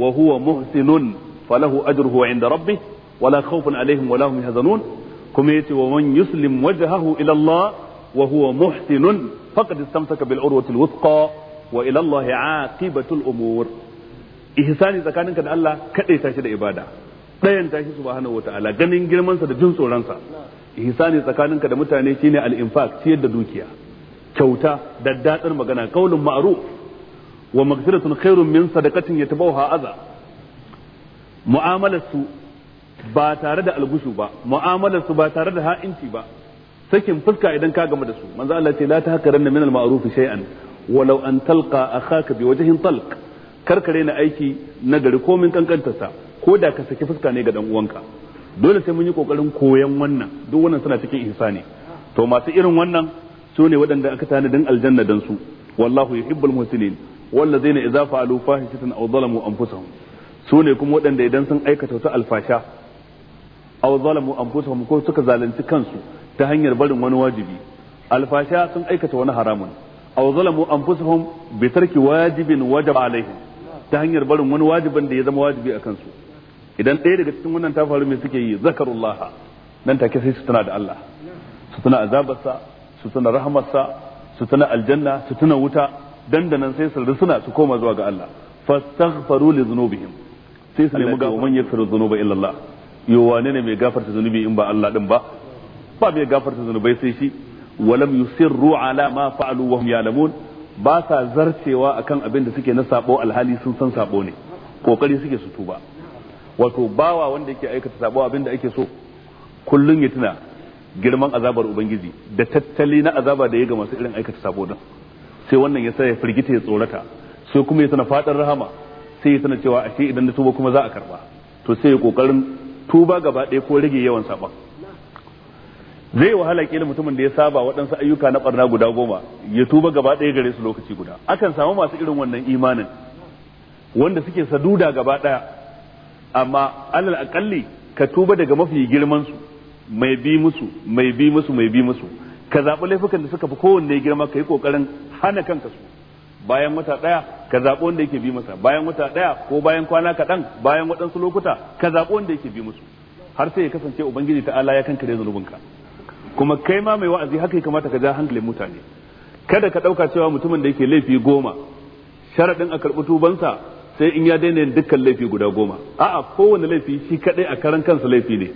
wa huwa muhsinun falahu ajruhu 'inda rabbih wala khawfun alaihim wala hum yahzanun kuma yace wa man yuslim wajhahu ila Allah wa huwa muhsinun faqad istamsaka bil urwati al wuthqa wa ila Allah aqibatu al umur ihsani tsakaninka da Allah kadaita shi da ibada dayan tashi subhanahu wataala ganin girman sa da jin tsoron sa ihsani tsakaninka da mutane shine al infaq ciyar da dukiya kyauta da dadar magana kaulun ma'ruf wa maghfiratun khairun min sadaqatin yatabawaha adha mu'amalar su ba tare da algushu ba mu'amalar su ba tare da ha'inci ba sakin fuska idan ka gama da su manzo Allah ce la tahqaranna min al-ma'ruf shay'an walau an talqa akhaka bi wajhin talq karkare na aiki na gari komin kankantarsa ko da ka saki fuska ne ga dan uwanka dole sai mun yi kokarin koyan wannan duk wannan suna cikin ihsani to masu irin wannan su ne waɗanda aka tanadin aljanna dan su wallahu yuhibbul muhsinin wallazina idza fa'alu fahishatan aw zalamu an su ne kuma waɗanda idan sun aikata wata alfasha aw zalamu anfusahum ko suka zalunci kansu ta hanyar barin wani wajibi alfasha sun aikata wani haramun aw zalamu anfusahum bi tarki wajibin wajaba alaihim ta hanyar barin wani wajibin da ya zama wajibi a kansu idan ɗaya daga cikin wannan ta faru me suke yi zakarullaha nan take sai su tuna da Allah su tuna azabarsa su tuna rahamarsa su tuna aljanna su tuna wuta dandanan sai su rusuna su koma zuwa ga Allah fastaghfaru li dhunubihim sai su nemi ga man yaghfiru dhunuba illa Allah yo wane ne mai gafarta zunubi in ba Allah din ba ba mai gafarta zunubai sai shi walam yusirru ala ma fa'alu wa hum ya'lamun ba sa zarcewa akan abin da suke na sabo alhali sun san sabo ne kokari suke su tuba wato bawa wanda yake aikata sabo abin da ake so kullun ya tuna girman azabar ubangiji da tattali na azaba da ya ga masu irin aikata sabo din sai wannan ya sa ya firgita ya tsorata sai kuma ya tana fadar rahama sai ya tana cewa ashe idan na tuba kuma za a karba to sai ya kokarin tuba gaba ɗaya ko rage yawan saɓa. zai wahala kila mutumin da ya saba waɗansu ayyuka na ɓarna guda goma ya tuba gaba ɗaya gare su lokaci guda akan samu masu irin wannan imanin wanda suke saduda gaba ɗaya amma alal aƙalli ka tuba daga mafi girman su mai bi musu mai bi musu mai bi musu ka zaɓi laifukan da suka fi kowanne girma ka yi ƙoƙarin hana kanka su bayan wata daya ka zaɓo wanda yake bi masa bayan wata daya ko bayan kwana kaɗan bayan waɗansu lokuta ka zaɓo wanda yake bi musu har sai ya kasance ubangiji ta ala ya kankare zunubinka kuma kai ma mai wa'azi haka ya kamata ka ja hankalin mutane kada ka ɗauka cewa mutumin da yake laifi goma sharaɗin a karɓi tubansa sai in ya daina yin dukkan laifi guda goma a'a kowane laifi shi kaɗai a karan kansa laifi ne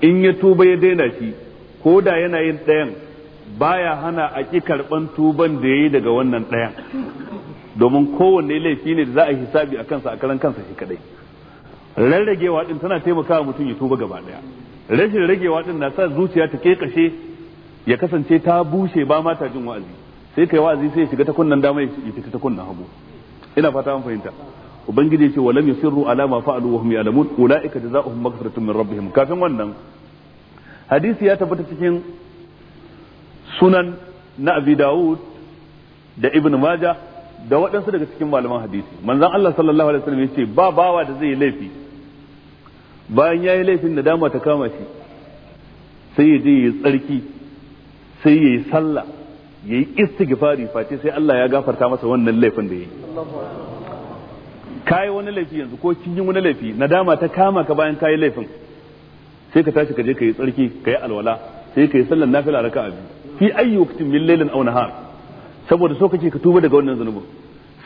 in ya tuba ya daina shi ko da yana yin ɗayan baya hana a ƙi karɓan tuban da ya yi daga wannan ɗaya. domin kowanne laifi ne da za a hisabi a kansa a karan kansa shi kadai rarragewa din tana taimakawa mutum ya tuba gaba ɗaya rashin ragewa din na sa zuciya ta kashe ya kasance ta bushe ba ma ta jin wa'azi sai kai wa'azi sai ya shiga ta kunnan dama ya fita ta kunnan hagu ina fata an fahimta ubangiji ya ce walam yusirru ala ma fa'alu wa hum ya'lamun ulaika jazaohum maghfiratun min rabbihim kafin wannan hadisi ya tabbata cikin sunan na abi dawud da ibn majah da waɗansu daga cikin malaman hadisi manzan Allah sallallahu alaihi wasallam yace ba bawa da zai laifi bayan yayi laifin da dama ta kama shi sai ya je ya tsarki sai ya yi sallah ya yi istighfari face sai Allah ya gafarta masa wannan laifin da ya yi yi wani laifi yanzu ko kin yi wani laifi nadama ta kama ka bayan kayi laifin sai ka tashi ka je ka yi tsarki ka yi alwala sai ka yi sallar nafila raka'a biyu fi ayi waqtin min lailin aw nahar saboda so kake ka tuba daga wannan zanubin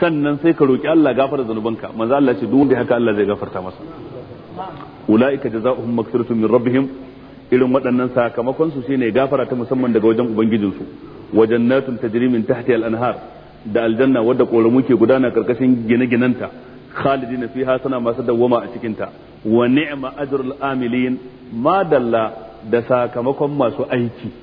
sannan sai ka roki Allah gafara zanubanka manzo Allah ce duk wanda haka Allah zai gafarta masa ulaika jazaohum maghfiratun min rabbihim irin waɗannan sakamakon su shine gafara ta musamman daga wajen ubangijinsu wa jannatun tajri min tahtiha al-anhar da aljanna wadda koramu ke gudana karkashin gine-ginanta khalidina fiha suna masu dawwama a cikin ta wa ni'ma ajrul amilin ma da sakamakon masu aiki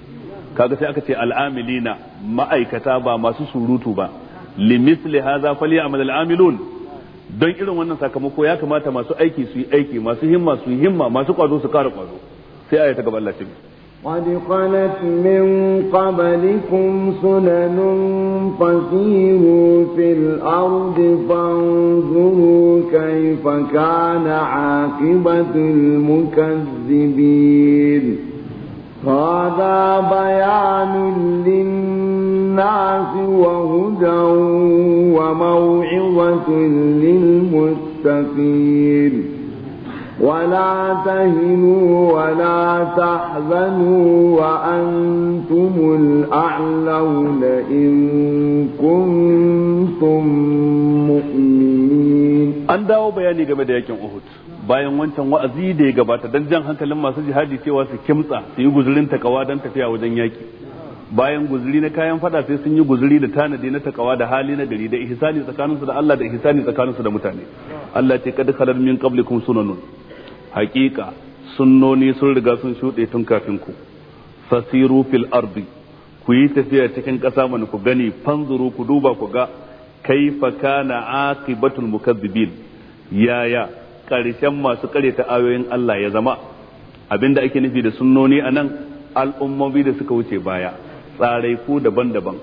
kaga sai aka ce al'amilina ma'aikata ba masu surutu ba limisli haza falyamal al'amilun don irin wannan sakamako ya kamata masu aiki su yi aiki masu himma su yi himma masu kwazo su kara kwazo sai aya ta gaba Allah ta قد خلت من قبلكم سنن فسيروا في الأرض فانظروا كيف كان عاقبة المكذبين هذا بيان للناس وهدى وموعظة للمتقين ولا تهنوا ولا تحزنوا وأنتم الأعلون إن كنتم مؤمنين أن دعوا بياني قبل يكون أهد bayan wancan wa'azi da ya gabata don jan hankalin masu jihadi cewa su kimtsa su yi guzurin takawa don tafiya wajen yaki bayan guzuri na kayan fada sai sun yi guzuri da tanadi na takawa da hali na gari da ihsani tsakaninsu da Allah da ihsani tsakaninsu da mutane Allah ce kad khalar min qablikum sunanun haqiqa sunnoni sun riga sun shuɗe tun kafin ku fasiru fil ardi ku yi tafiya cikin kasa mana ku gani fanzuru ku duba ku ga kaifa kana aqibatul mukazzibin yaya karshen masu ƙaryata ayoyin Allah ya zama abinda ake nufi da sunnoni a nan al'ummomi da suka wuce baya tsarai ku daban-daban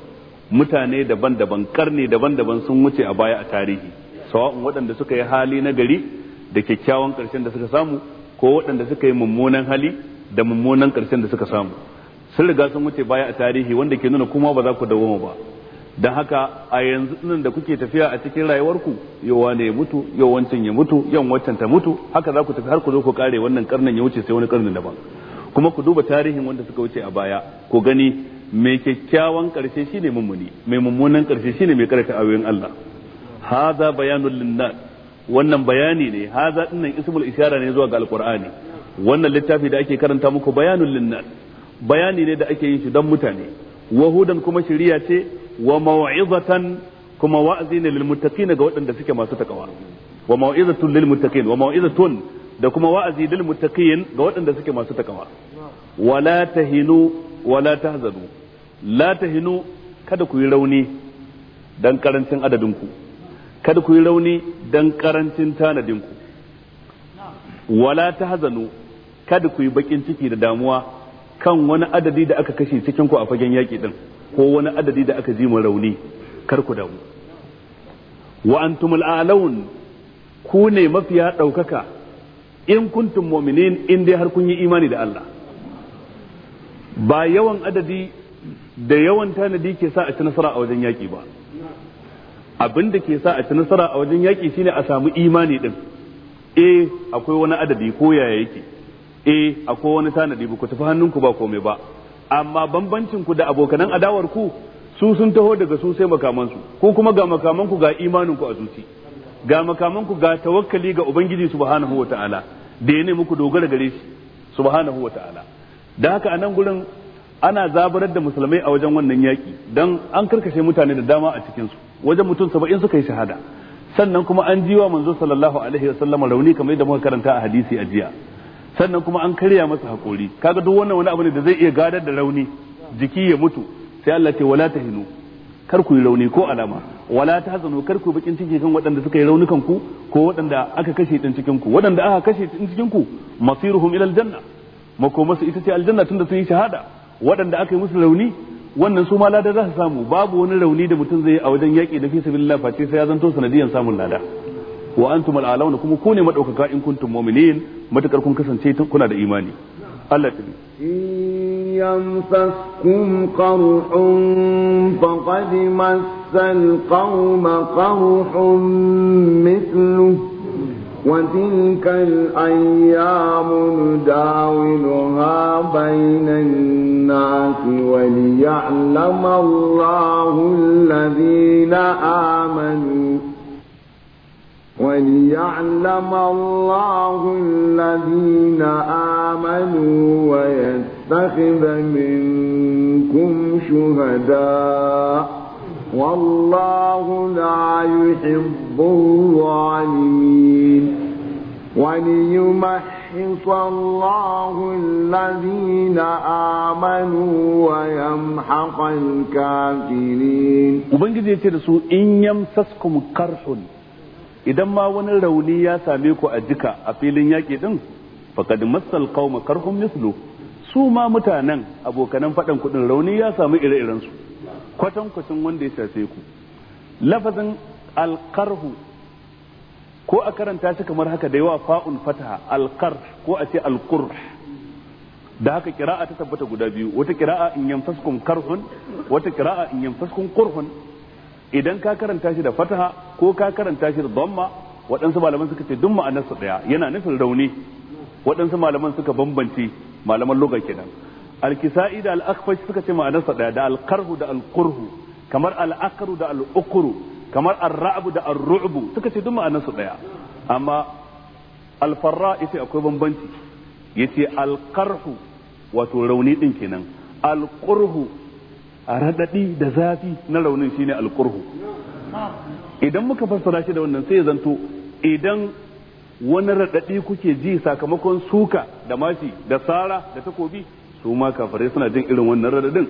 mutane daban-daban karni daban-daban sun wuce a baya a tarihi sawa'un waɗanda suka yi hali na gari da kyakkyawan ƙarshen da suka samu ko waɗanda suka yi mummunan hali da mummunan ƙarshen da suka samu sun riga sun wuce baya a tarihi wanda ke nuna kuma ba za ku dawoma ba don haka a yanzu nan da kuke tafiya a cikin rayuwarku yawa ne ya mutu yawancin ya mutu yan ta mutu haka za ku tafi har ku zo ku kare wannan karnin ya wuce sai wani karnin daban kuma ku duba tarihin wanda suka wuce a baya ku gani mai kyakkyawan karshe shine mummuni mai mummunan karshe shine mai karanta ayoyin Allah haza bayanul linnas wannan bayani ne haza dinnan ismul isyara ne zuwa ga alqur'ani wannan littafi da ake karanta muku bayanul linnas bayani ne da ake yin shi don mutane wahudan kuma shiriya ce wa mau'izatan kuma wa'azi ne lil muttaqin ga waɗanda suke masu takawa wa mau'izatun lil muttaqin wa mau'izatun da kuma wa'azi lil muttaqin ga waɗanda suke masu takawa wala tahinu wala tahzanu la tahinu kada ku yi rauni dan karancin adadinku kada ku yi rauni dan karancin tanadinku wala tahzanu kada ku yi bakin ciki da damuwa kan wani adadi da aka kashe cikin ku a fagen yaƙi din ko wani adadi da aka ji mu rauni kar ku damu wa antumul alaun ku ne mafiya ɗaukaka in kuntum mu'minin in dai har kun yi imani da Allah ba yawan adadi da yawan tanadi ke sa a ci nasara a wajen yaƙi ba abin da ke sa a ci nasara a wajen yaƙi shine a samu imani din eh akwai wani adadi ko yaya yake eh akwai wani tanadi ba ku tafi hannunku ba komai ba amma bambancin ku da abokanan adawar ku su sun taho daga su sai makamansu ko kuma ga makamanku ga imanin ku a zuci ga makamanku ga tawakkali ga ubangiji subhanahu wataala da ya muku dogara gare shi subhanahu wataala da haka anan gurin ana zabarar da musulmai a wajen wannan yaki dan an karkashe mutane da dama a cikin su wajen mutum 70 suka yi shahada sannan kuma an jiwa manzo sallallahu alaihi wasallam rauni kamar yadda muka karanta a hadisi a jiya sannan kuma an karya masa hakori kaga duk wannan wani abu ne da zai iya gadar da rauni jiki ya mutu sai Allah ce wala tahinu kar ku yi rauni ko alama wala tahzanu kar ku bakin ciki kan waɗanda suka yi raunukan ku ko waɗanda aka kashe din cikin ku waɗanda aka kashe din cikin ku masiruhum ila aljanna makomasu ita ce aljanna tunda sun yi shahada waɗanda aka yi musu rauni wannan su ma lada za su samu babu wani rauni da mutum zai yi a wajen yaki da fi sabilillah face sai ya zanto sanadiyan samun lada wa antum al'alauna kuma ku ne madaukaka in kuntum mu'minin matakar kun kasance kuna da imani Allah ta يمسسكم قرح فقد مس القوم قرح مثله وتلك الأيام نداولها بين الناس وليعلم الله الذين آمنوا وليعلم الله الذين آمنوا ويتخذ منكم شهداء والله لا يحب الظالمين وليمحص الله الذين آمنوا ويمحق الكافرين وبنجد يترسو إن يمسسكم كرح idan ma wani rauni ya same ku a jika a filin yaƙi din faqad matsal qauma karhun mislu su ma mutanen abokanan faɗan kuɗin rauni ya samu ire irensu su kwatan kwatan wanda ya shafe ku lafazin alƙarhu ko a karanta shi kamar haka da yawa fa'un fataha alƙar ko a ce alƙur da haka kira'a ta tabbata guda biyu wata kira'a in yanfaskum karhun wata idan ka karanta shi da fataha ko ka karanta shi da dhamma waɗansu malaman suka ce duk ma'anarsa ɗaya yana nufin rauni waɗansu malaman suka bambance malaman loga kenan alkisa'i da al'akfash suka ce ma'anarsa ɗaya da alkarhu da alkurhu kamar al'akaru da al'ukuru kamar ar-ra'bu da ar-ru'bu suka ce duk ma'anarsa ɗaya amma alfarra yace akwai bambanci yace alkarhu wato rauni din kenan alkurhu a raɗaɗi da zafi na raunin shine alƙurhu idan muka fassara shi da wannan sai zanto idan wani raɗaɗi kuke ji sakamakon suka da mashi da sara da takobi su ma kafirai suna jin irin wannan raɗaɗin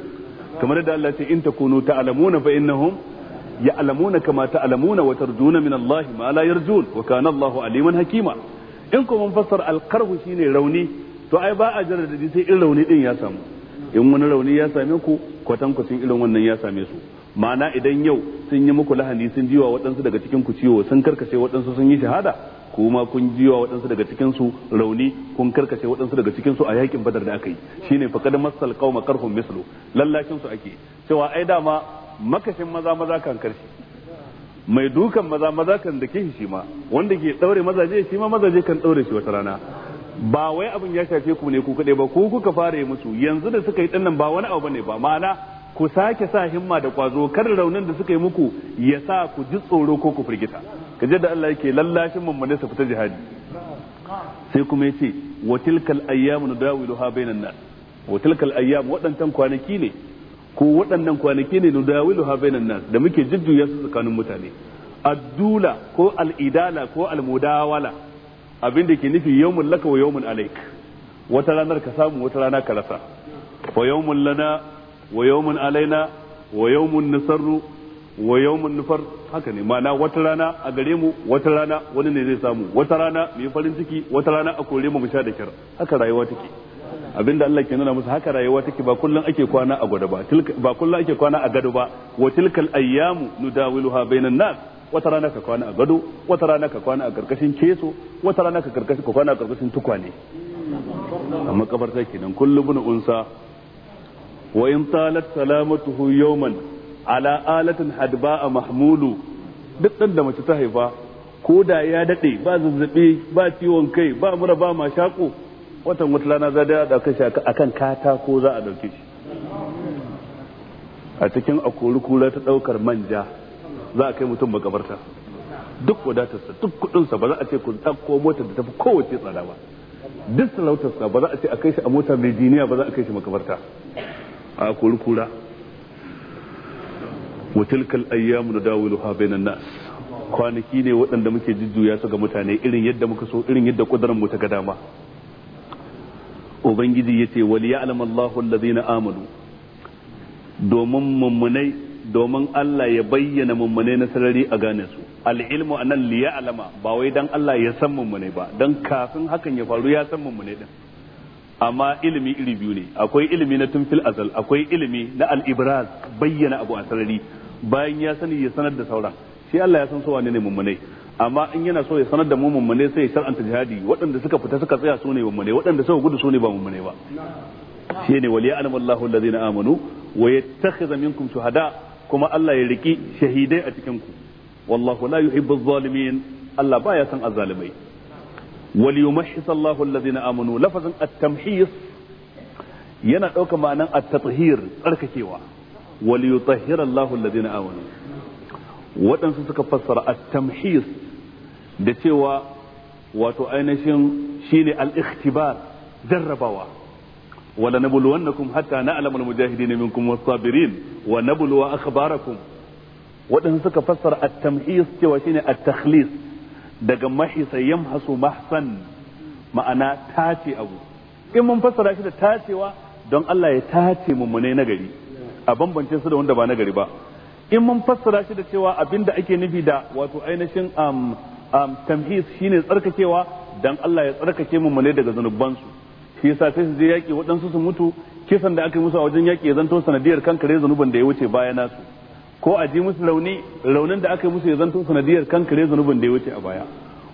kamar da Allah ce in takunu ta'lamuna fa innahum ya'lamuna kama ta'lamuna wa tarjuna min Allah ma la yarjun wa kana Allah aliman hakima in kuma mun fassara alqarhu shine rauni to ai ba a jin sai in rauni din ya samu in wani rauni ya same ku sun irin wannan ya same su ma'ana idan yau sun yi muku lahani sun jiwa waɗansu daga cikin ku ciwo sun karkashe waɗansu sun yi shahada kuma kun jiwa waɗansu daga cikin su rauni kun karkashe waɗansu daga cikin su a yakin badar da aka yi shine faqad masal qauma qarhum mislu lallashin su ake cewa ai dama makashin maza maza kan karshe mai dukan maza maza kan da ke shi ma wanda ke daure mazaje shi ma mazaje kan daure shi wata rana ba wai abin ya shafe ku ne ku kaɗai ba ko kuka fara yi musu yanzu da suka yi dinnan ba wani abu ne ba ma'ana ku sake sa himma da kwazo kar raunin da suka yi muku ya sa ku ji tsoro ko ku firgita kaje da Allah yake lallashin mun su fita jihadi sai kuma yace wa tilkal ayyamu nudawiluha bainan nas wa tilkal ayyam kwanaki ne ko waɗannan kwanaki ne nudawiluha bainan nas da muke jujjuya su tsakanin mutane addula ko al'idala ko almudawala abin da ke nufi yawmun laka wa yawmun alaik wata ranar ka samu wata rana ka rasa wa yawmun lana wa yawmun alaina wa yawmun nasaru wa yawmun nufar haka ne ma'ana wata rana a gare mu wata rana wani ne zai samu wata rana mu yi farin ciki wata rana a kore mu mu sha da kyar haka rayuwa take da Allah ke nuna musu haka rayuwa take ba kullun ake kwana a gado ba ba kullun ake kwana a gado ba wa tilkal ayyamu nudawiluha bainan nas wata rana ka kwana a gado wata rana ka kwana a karkashin keso wata rana ka karkashin ka kwana a karkashin tukwane a makabarta kenan kullu bin unsa wa in talat salamatuhu yawman ala alatin a mahmulu duk dan da mace ta haifa ko da ya dade ba zazzabi ba ciwon kai ba mura ba mashako watan wata rana za da dauke shi akan katako za a dauke shi a cikin akori kula ta daukar manja za a kai mutum makabarta duk wadatarsa duk kudinsa ba za a ce ku ɗauko motar da tafi kowace tsada ba duk talautarsa ba za a ce a kai shi a mota mai jiniya ba za a kai shi makabarta a kuri kura ayyamu da ayyamu ha bainan nas kwanaki ne waɗanda muke jujjuya su ga mutane irin yadda muka so irin yadda kudaran mu ta ga dama ubangiji yace wal ya'lamu Allahu alladhina amanu domin mummunai domin Allah ya bayyana mummune na sarari a gane su al'ilmu anan liya alama ba wai dan Allah ya san mummune ba dan kafin hakan ya faru ya san mummune din amma ilimi iri biyu ne akwai ilimi na tumfil azal akwai ilimi na al bayyana abu a sarari bayan ya sani ya sanar da sauran shi Allah ya san so wane ne mummune amma in yana so ya sanar da mu mummune sai ya shar'anta jihadi waɗanda suka fita suka tsaya su ne mummune waɗanda suka gudu su ne ba mummune ba shine waliya alamallahu allazina amanu wa yattakhidha minkum shuhada kuma Allah ya riki shahidai a cikin ku wallahu la yuhibbu zalimin Allah baya san azzalimai wal yumahhis Allahu alladhina amanu lafazin at-tamhis yana dauka ma'anan at-tathhir tsarkakewa wal yutahhir Allahu alladhina amanu waɗansu suka fassara at-tamhis da cewa wato ainihin shine al-ikhtibar jarrabawa wala nabluwannakum hatta na'lamul mujahidin minkum was-sabirin wa nabluwa akhbarakum waɗansu suka fassara at-tamhis cewa shine at-takhlis daga mahisa yamhasu ma'ana tace abu in mun fassara shi da tacewa don Allah ya tace mummune na a bambance su da wanda ba nagari ba in mun fassara shi da cewa abinda ake nufi da wato ainihin um, tamhis shine tsarkakewa don Allah ya tsarkake mummune daga zunubansu shi yasa sai su je yaƙi waɗansu su mutu kisan da aka yi musu a wajen yaƙi ya zanto sanadiyar kankare zanuban da ya wuce baya nasu ko a ji musu rauni raunin da aka yi musu ya zanto sanadiyar kankare zanuban da ya wuce a baya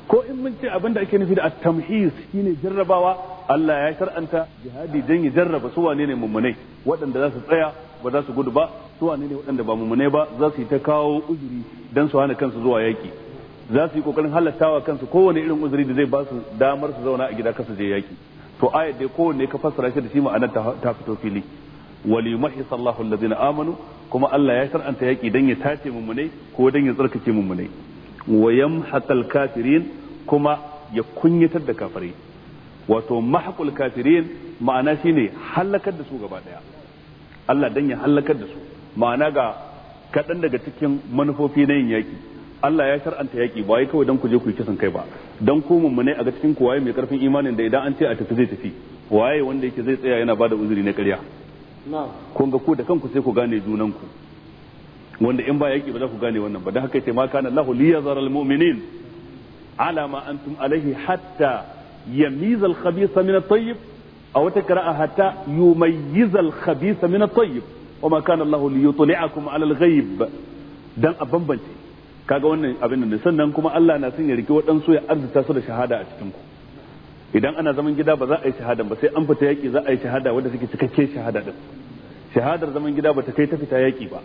ko in mun ce abin da ake nufi da at-tamhis shine jarrabawa Allah ya shar'anta jihadi dan ya jarraba su wane ne mummunai waɗanda za su tsaya ba za su gudu ba su wane ne waɗanda ba mummunai ba za su yi ta kawo uzuri dan su hana kansu zuwa yaki za su yi kokarin halattawa kansu kowane irin uzuri da zai ba su damar su zauna a gida kasu je yaki to ayat dai kowanne ka fassara shi da shi ma'anar ta fito fili wali yumahhis Allahu allazina amanu kuma Allah ya shar'anta yaki dan ya tace mummunai ko dan ya tsarkake mummunai wa yamhaqal kafirin kuma ya kunyatar da kafirai wato mahqul kafirin ma'ana shine halakar da su gaba daya Allah dan ya halakar da su ma'ana ga kaɗan daga cikin manufofi na yin yaki Allah ya shar'anta yaƙi ba kawai dan ku je ku yi kisan kai ba dan ku mummune a ga cikin ku waye mai karfin imanin da idan an ce a tafi zai tafi waye wanda yake zai tsaya yana bada uzuri na ƙarya kun ga ku da kanku sai ku gane junan ku wanda in ba yaƙi ba za ku gane wannan ba don haka yace ma kana Allahu liyazara almu'minin ala ma antum alaihi hatta yamiza alkhabitha min at-tayyib aw takra'a hatta yumayyiza alkhabitha min at-tayyib wa ma kana Allahu liyutli'akum ala dan a kaga wannan abin da sannan kuma Allah na son ya riki waɗansu ya arzuta su da shahada a cikin idan ana zaman gida ba za a yi shahada ba sai an fita yaƙi za a yi shahada wadda suke cikakke shahada din shahadar zaman gida ba ta kai ta fita yaƙi ba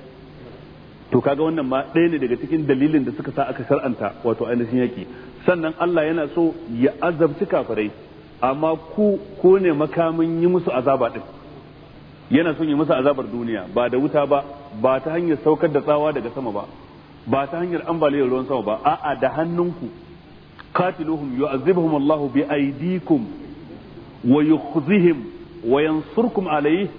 to kaga wannan ma ɗaya ne daga cikin dalilin da suka sa aka shar'anta wato ainihin yaƙi sannan Allah yana so ya azabci kafirai amma ku ko ne makamin yi musu azaba din yana son yi musu azabar duniya ba da wuta ba ba ta hanyar saukar da tsawa daga sama ba ba ta hanyar ambaliyar ruwan sama ba a'a da hannunku katiluhum yu'azibuhum Allahu bi aidikum wa yukhzihim wa yansurkum alayhi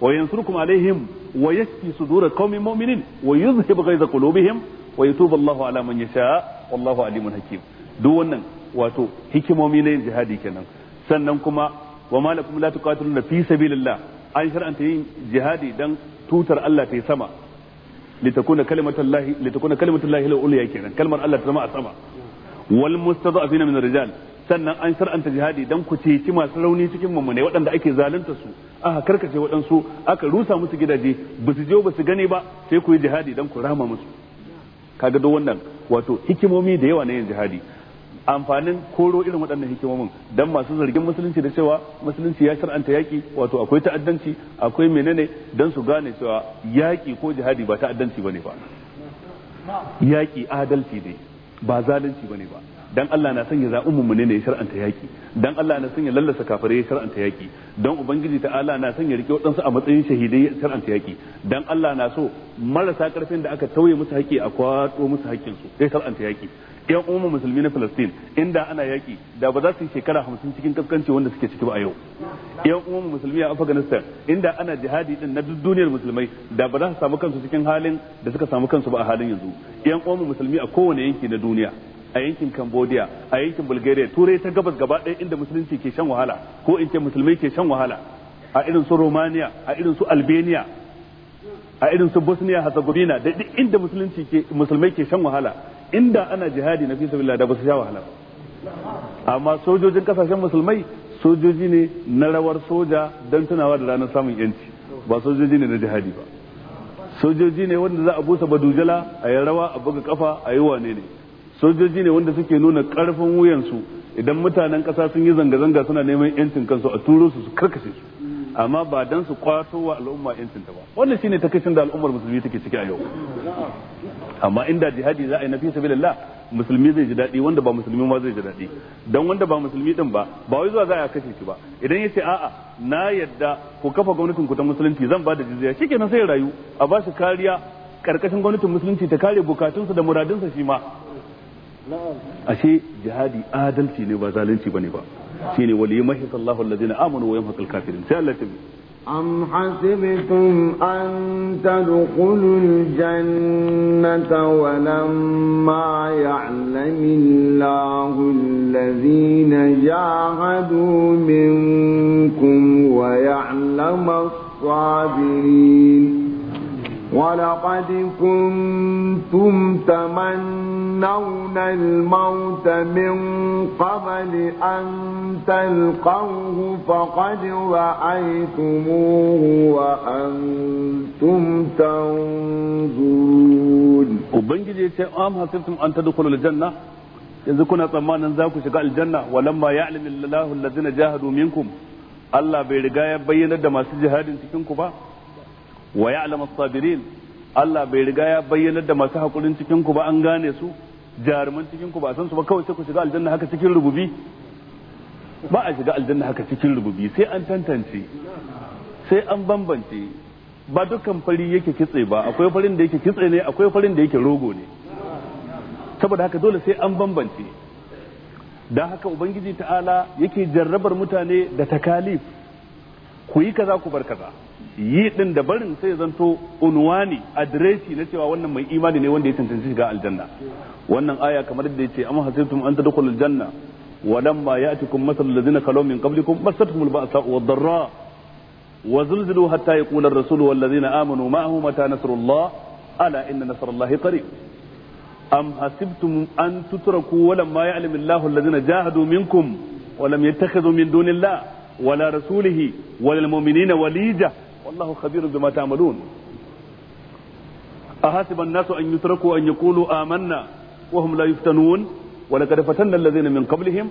wa yansurkum alaihim wa yakfi sudur qaumin mu'minin wa yuzhib ghaiza qulubihim wa yatubu Allahu ala man yasha wallahu alimun hakim duk wannan wato hikimomi na yin jihadi kenan sannan kuma wa malakum la tuqatiluna fi sabilillah an shar'anta yin jihadi dan tutar Allah ta yi sama litakuna kalimatullahi litakuna kalimatullahi la uliya kenan kalmar Allah ta zama a sama wal mustada'afina min rijal sannan an shar'anta jihadi dan ku ci masu rauni cikin mummune waɗanda ake zalunta su aka karkace waɗansu aka rusa musu gidaje ba su je ba su gane ba sai ku yi jihadi dan ku rama musu kaga duk wannan wato hikimomi da yawa na yin jihadi amfanin koro irin waɗannan hikimomin don masu zargin musulunci da cewa musulunci ya shar'anta yaƙi wato akwai ta'addanci akwai menene don su gane cewa yaƙi ko jihadi ba ta'addanci bane ba Yaƙi adalci ne ba zalunci bane ba dan Allah na sanya zaɓin mummune ne ya shar'anta yaƙi dan Allah na sanya lallasa kafare ya shar'anta yaƙi dan ubangiji ta Allah na sanya rike waɗansu a matsayin shahidai ya shar'anta yaƙi dan Allah na so marasa ƙarfin da aka tauye musu haƙƙi a kwato musu haƙƙinsu ya shar'anta yaƙi. yan umma musulmi na Palestine inda ana yaki da ba za su yi shekara hamsin cikin kaskanci wanda suke ciki ba a yau yan umma musulmi a Afghanistan inda ana jihadi din na duniyar musulmai da ba za su samu kansu cikin halin da suka samu kansu ba a halin yanzu yan umma musulmi a kowane yanki na duniya a yankin Cambodia a yankin Bulgaria turai ta gabas gaba ɗaya inda musulunci ke shan wahala ko in ce musulmai ke shan wahala a irin su Romania a irin su Albania a irin su Bosnia Herzegovina da duk inda musulunci ke musulmai ke shan wahala inda ana jihadi na fi sabilillah da ba su sha wahala ba amma sojojin kasashen musulmai sojoji ne na rawar soja don tunawa da ranar samun yanci ba sojoji ne na jihadi ba sojoji ne wanda za a busa badujala a yi rawa a buga kafa a yi wane ne sojoji ne wanda suke nuna karfin wuyansu idan mutanen kasa sun yi zanga-zanga suna neman yancin kansu a turo su su karkashe su amma ba dan su kwato wa al'umma yancin ta ba wannan shine takaicin da al'ummar musulmi take ciki a yau amma inda jihadi za a yi na fisa billah musulmi zai ji daɗi wanda ba musulmi ma zai ji daɗi dan wanda ba musulmi din ba ba wai zuwa za a kashe shi ba idan ya ce a'a na yadda ku kafa gwamnatin ku ta musulunci zan ba da jizya shikenan sai rayu a ba shi kariya karkashin gwamnatin musulunci ta kare bukatun bukatunsa da muradinsa shi ma ashe jihadi adalci ne ba zalunci bane ba شيني وليمهك الله الذين آمنوا ويمهك الكافرين سألتم أم حسبتم أن تدخلوا الجنة ولما يعلم الله الذين جاهدوا منكم ويعلم الصابرين ولقد كنتم تمنون الموت من قبل أن تلقوه فقد رأيتموه وأنتم تنظرون وبنجي يتي أم حسبتم أن تدخلوا الجنة yanzu kuna tsammanin za ku shiga aljanna walamma ya'lamu Allahu jihar domin ku. Allah bai riga ya bayyana da masu jihadin cikin ku ba wa ya'lamu sabirin Allah bai riga ya bayyana da masu hakurin cikin ku ba an gane su jaruman cikin ku ba san su ba kawai sai ku shiga aljanna haka cikin rububi ba a shiga aljanna haka cikin rububi sai an tantance sai an bambance ba dukkan fari yake kitse ba akwai farin da yake kitse ne akwai farin da yake rogo ne saboda haka dole sai an bambance don haka ubangiji ta'ala yake jarrabar mutane da takalif ku yi kaza ku bar kaza yi din da barin sai zanto unwani adresi na cewa wannan mai imani ne wanda ya tantance shiga aljanna wannan aya kamar da yace amma hasibtum an tadkhulul janna wa lamma ya'tikum mathalul ladzina khalaw min qablikum massatuhumul ba'sa wad darra wa zulzilu hatta yaqula ar-rasulu wal ladzina amanu ma'ahu mata nasrullah ala inna nasrallahi qarib am hasibtum an tutraku wa lamma ya'lamu allahu alladhina jahadu minkum wa lam yattakhidhu min dunillahi ولا رسوله ولا المؤمنين وليجه والله خبير بما تعملون أحسب الناس أن يتركوا أن يقولوا آمنا وهم لا يفتنون ولقد فتنا الذين من قبلهم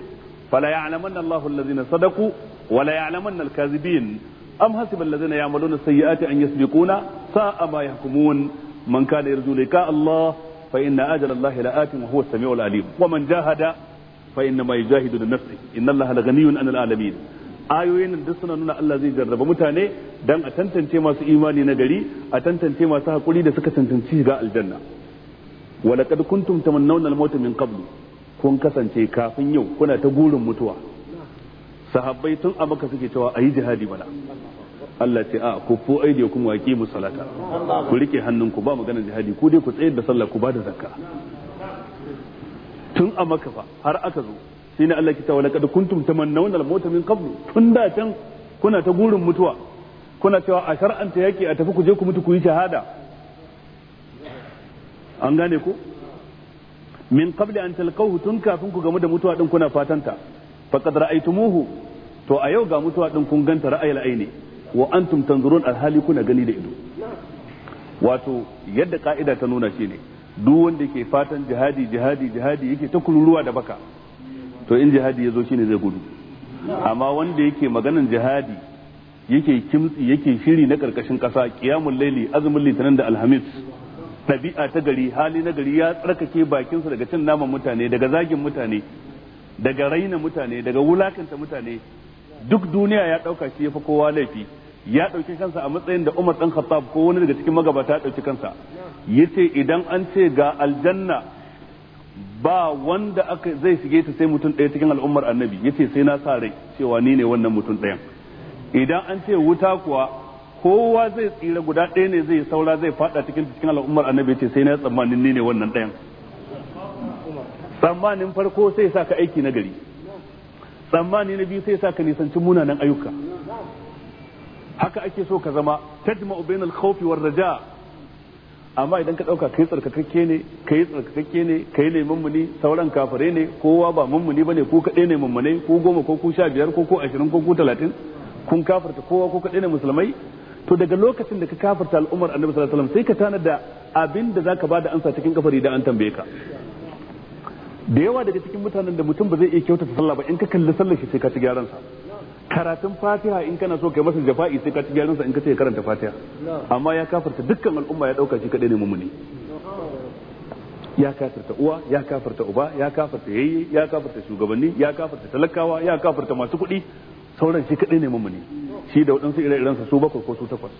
فلا يعلمن الله الذين صدقوا ولا يعلمن الكاذبين أم حسب الذين يعملون السيئات أن يسبقونا ساء ما يحكمون من كان يرجو لقاء الله فإن أجل الله لآت وهو السميع العليم ومن جاهد فإنما يجاهد لنفسه إن الله لغني عن العالمين ayoyin da suna nuna Allah zai jarraba mutane dan a tantance masu imani na gari a tantance masu hakuri da suka tantance shiga aljanna wa laqad kuntum tamannawna al-maut min qabl kun kasance kafin yau kuna ta gurin mutuwa sahabbai tun a maka suke cewa ayi jihadi bala Allah ce a ku fu aidi kun waki musalata ku rike hannunku ba maganar jihadi ku dai ku tsayar da sallah ku ba da zakka tun a maka fa har aka zo shine Allah ke cewa laqad kuntum tamannawna al-mauta min qabl tun da can kuna ta gurin mutuwa kuna cewa a shar'anta yake a tafi ku je ku mutu ku yi shahada an gane ku min qabl an talqahu tun kafin ku gamu da mutuwa din kuna fatanta faqad ra'aytumuhu to a yau ga mutuwa din kun ganta ra'ayil aini wa antum tanzurun alhali kuna gani da ido wato yadda ka'ida ta nuna shine duk wanda ke fatan jihadi jihadi jihadi yake ta kururuwa da baka to in jihadi ya zo shi ne zai gudu amma wanda yake maganan jihadi yake kimtsi yake shiri na karkashin kasa kiyamun laili azumin litinin da alhamis ɗabi'a ta gari hali na gari ya tsarkake bakinsa daga cin naman mutane daga zagin mutane daga raina mutane daga wulakanta mutane duk duniya ya ɗauka shi ya fi kowa laifi ya ɗauki kansa a matsayin da Umar ɗan Khattab ko wani daga cikin magabata ya ɗauki kansa yace idan an ce ga aljanna ba wanda aka zai shige ta sai mutum ɗaya cikin al'ummar annabi yace sai na sa rai cewa ni ne wannan mutum ɗayan idan an ce wuta kuwa kowa zai tsira guda ɗaya ne zai saura zai fada cikin cikin al'ummar annabi yace sai na tsammanin ni ne wannan ɗayan tsammanin farko sai sa ka aiki na gari tsammani na biyu sai sa ka nisanci munanan ayyuka haka ake so ka zama tajma'u bainal khawfi war raja' amma idan ka ɗauka kai tsarkakakke ne kai tsarkakakke ne kai ne mummuni sauran kafare ne kowa ba mummuni bane ko kaɗai ne mummunai ko goma ko ku sha biyar ko ko ashirin ko ko talatin kun kafarta kowa ko kaɗai ne musulmai to daga lokacin da ka kafarta al'ummar annabi sallallahu alaihi wasallam sai ka tanar da abin da zaka bada ansa cikin kafari da an tambaye ka da yawa daga cikin mutanen da mutum ba zai iya kyautata sallah ba in ka kalli sallar shi sai ka ci gyaran sa karatun fatiha in kana so kai masa jafa'i sai ka gyaran sa in ka ce karanta fatiha amma ya kafarta dukkan al'umma ya dauka shi kadai ne mumuni ya kafarta uwa ya kafarta uba ya kafarta yayye ya kafarta shugabanni ya kafarta talakawa ya kafarta masu kuɗi sauran shi kadai ne mumuni shi da waɗansu ire-iren su bakwai ko su takwas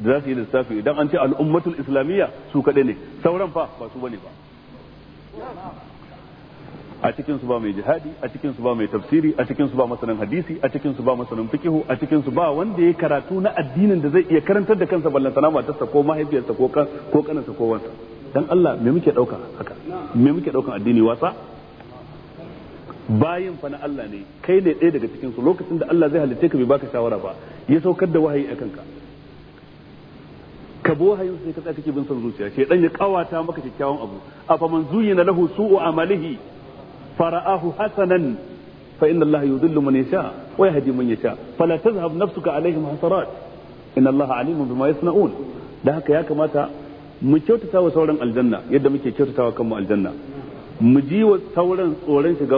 da za su yi lissafi idan an ce al'ummatul islamiyya su kadai ne sauran fa ba su bane ba a cikin su ba mai jihadi a cikin su ba mai tafsiri a cikin su ba masanin hadisi a cikin su ba masanin fikihu a cikin su ba wanda ya karatu na addinin da zai iya karantar da kansa ballan sana matarsa ko mahaifiyarsa ko kan ko kanansa ko wanta dan Allah me muke dauka haka me muke daukan addini wasa bayin fa na Allah ne kai ne ɗaya daga cikin su lokacin da Allah zai halitta ka bai baka shawara ba ya saukar da wahayi akan ka ka bo hayin sai ka tsaya kake bin son zuciya shedan ya kawata maka kyakkyawan abu afa man zuyyina lahu su'u amalihi فرآه حسنا فإن الله يذل من يشاء ويهدي من يشاء da haka ya kamata mu kyautata wa yadda muke kyautata wa kanmu aljanna mu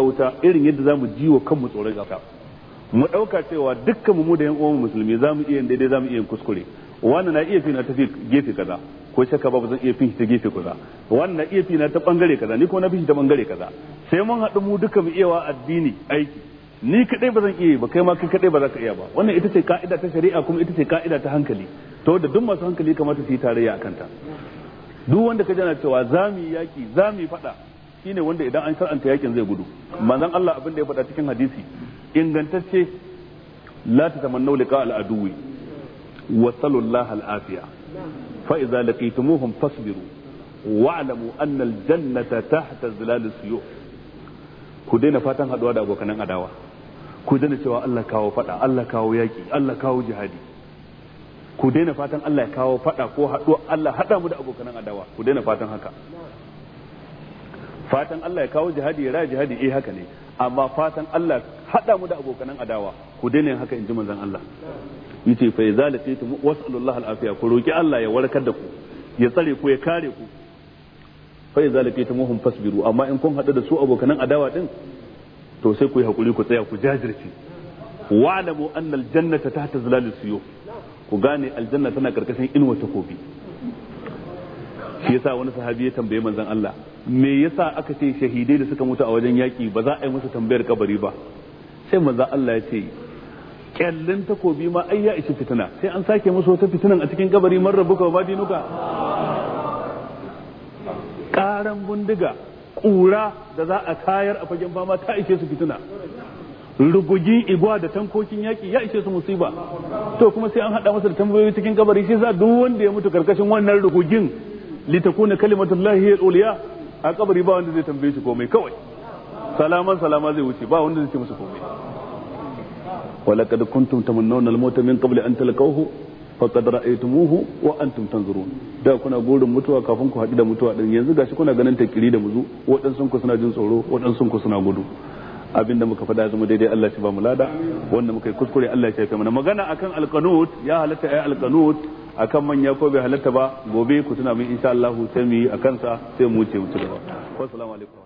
wuta irin yadda za mu ɗauka cewa dukkan da yan uwan musulmi za mu iya kuskure wani na iya fina ta gefe kaza ko shakka ba zan iya shi ta gefe kaza wannan iya fina ta bangare kaza ni ko na fishi ta bangare kaza sai mun haɗu mu duka mu iya wa addini aiki ni kadai ba zan iya ba kai ma kai kadai ba za ka iya ba wannan ita ce ka'ida ta shari'a kuma ita ce ka'ida ta hankali to da duk masu hankali kamata su yi tarayya akan ta duk wanda ka jana cewa za mu yi yaki za mu yi faɗa shine wanda idan an shar'anta yakin zai gudu manzon Allah abin da ya faɗa cikin hadisi ingantacce la tamannau liqa al aduwi وصلوا الله العافية فإذا لقيتموهم فاصبروا واعلموا أن الجنة تحت ظلال السيوف ku daina fatan haduwa da abokanan adawa ku daina cewa Allah kawo fada Allah kawo yaki Allah kawo jihadi ku daina fatan Allah ya kawo fada ko haduwa Allah hada mu da abokanan adawa ku daina fatan haka fatan Allah ya kawo jihadi ya ra jihadi eh haka ne amma fatan Allah mu da abokanan adawa ku daina haka in ji manzan Allah yace fa idza laqitum was'alullaha al'afiya ku roki Allah ya warkar da ku ya tsare ku ya kare ku fa idza muhum fasbiru amma in kun haɗu da su abokanan adawa din to sai ku yi hakuri ku tsaya ku jajirce wa'lamu anna aljannata tahta zilal suyu ku gane aljanna tana karkashin inuwar takobi shi yasa wani sahabi ya tambaye manzan Allah me yasa aka ce shahidai da suka mutu a wajen yaki ba za a yi musu tambayar kabari ba sai manzon Allah ya ce kyallin takobi ma ai ya isi fitina sai an sake musu wata fitinan a cikin kabari marar rabuka ba dinuka karan bindiga kura da za a tayar a fagen fama ta ishe su fitina rugugin igwa da tankokin yaki ya ishe su musiba to kuma sai an hada masa da tambayoyi cikin kabari shi za duk wanda ya mutu karkashin wannan rugugin litakuna kalimatullahi al-uliya a kabari ba wanda zai tambaye shi komai kawai salaman salama zai wuce ba wanda zai ce musu komai ولقد كنتم تمنون الموت من قبل أن تلقوه faqad ra'aytumuhu wa antum da kuna burin mutuwa kafin ku haɗu da mutuwa din yanzu gashi kuna ganin takiri da muzu waɗansu ku suna jin tsoro waɗansu ku suna gudu abinda muka faɗa zama daidai Allah shi ba mu lada wanda muka yi kuskure Allah shi ya mana magana akan alqanut ya halatta ya alqanut akan manya ko bai halatta ba gobe ku tuna mu insha Allah sai mu yi akan sa sai mu wuce mu ci gaba assalamu alaikum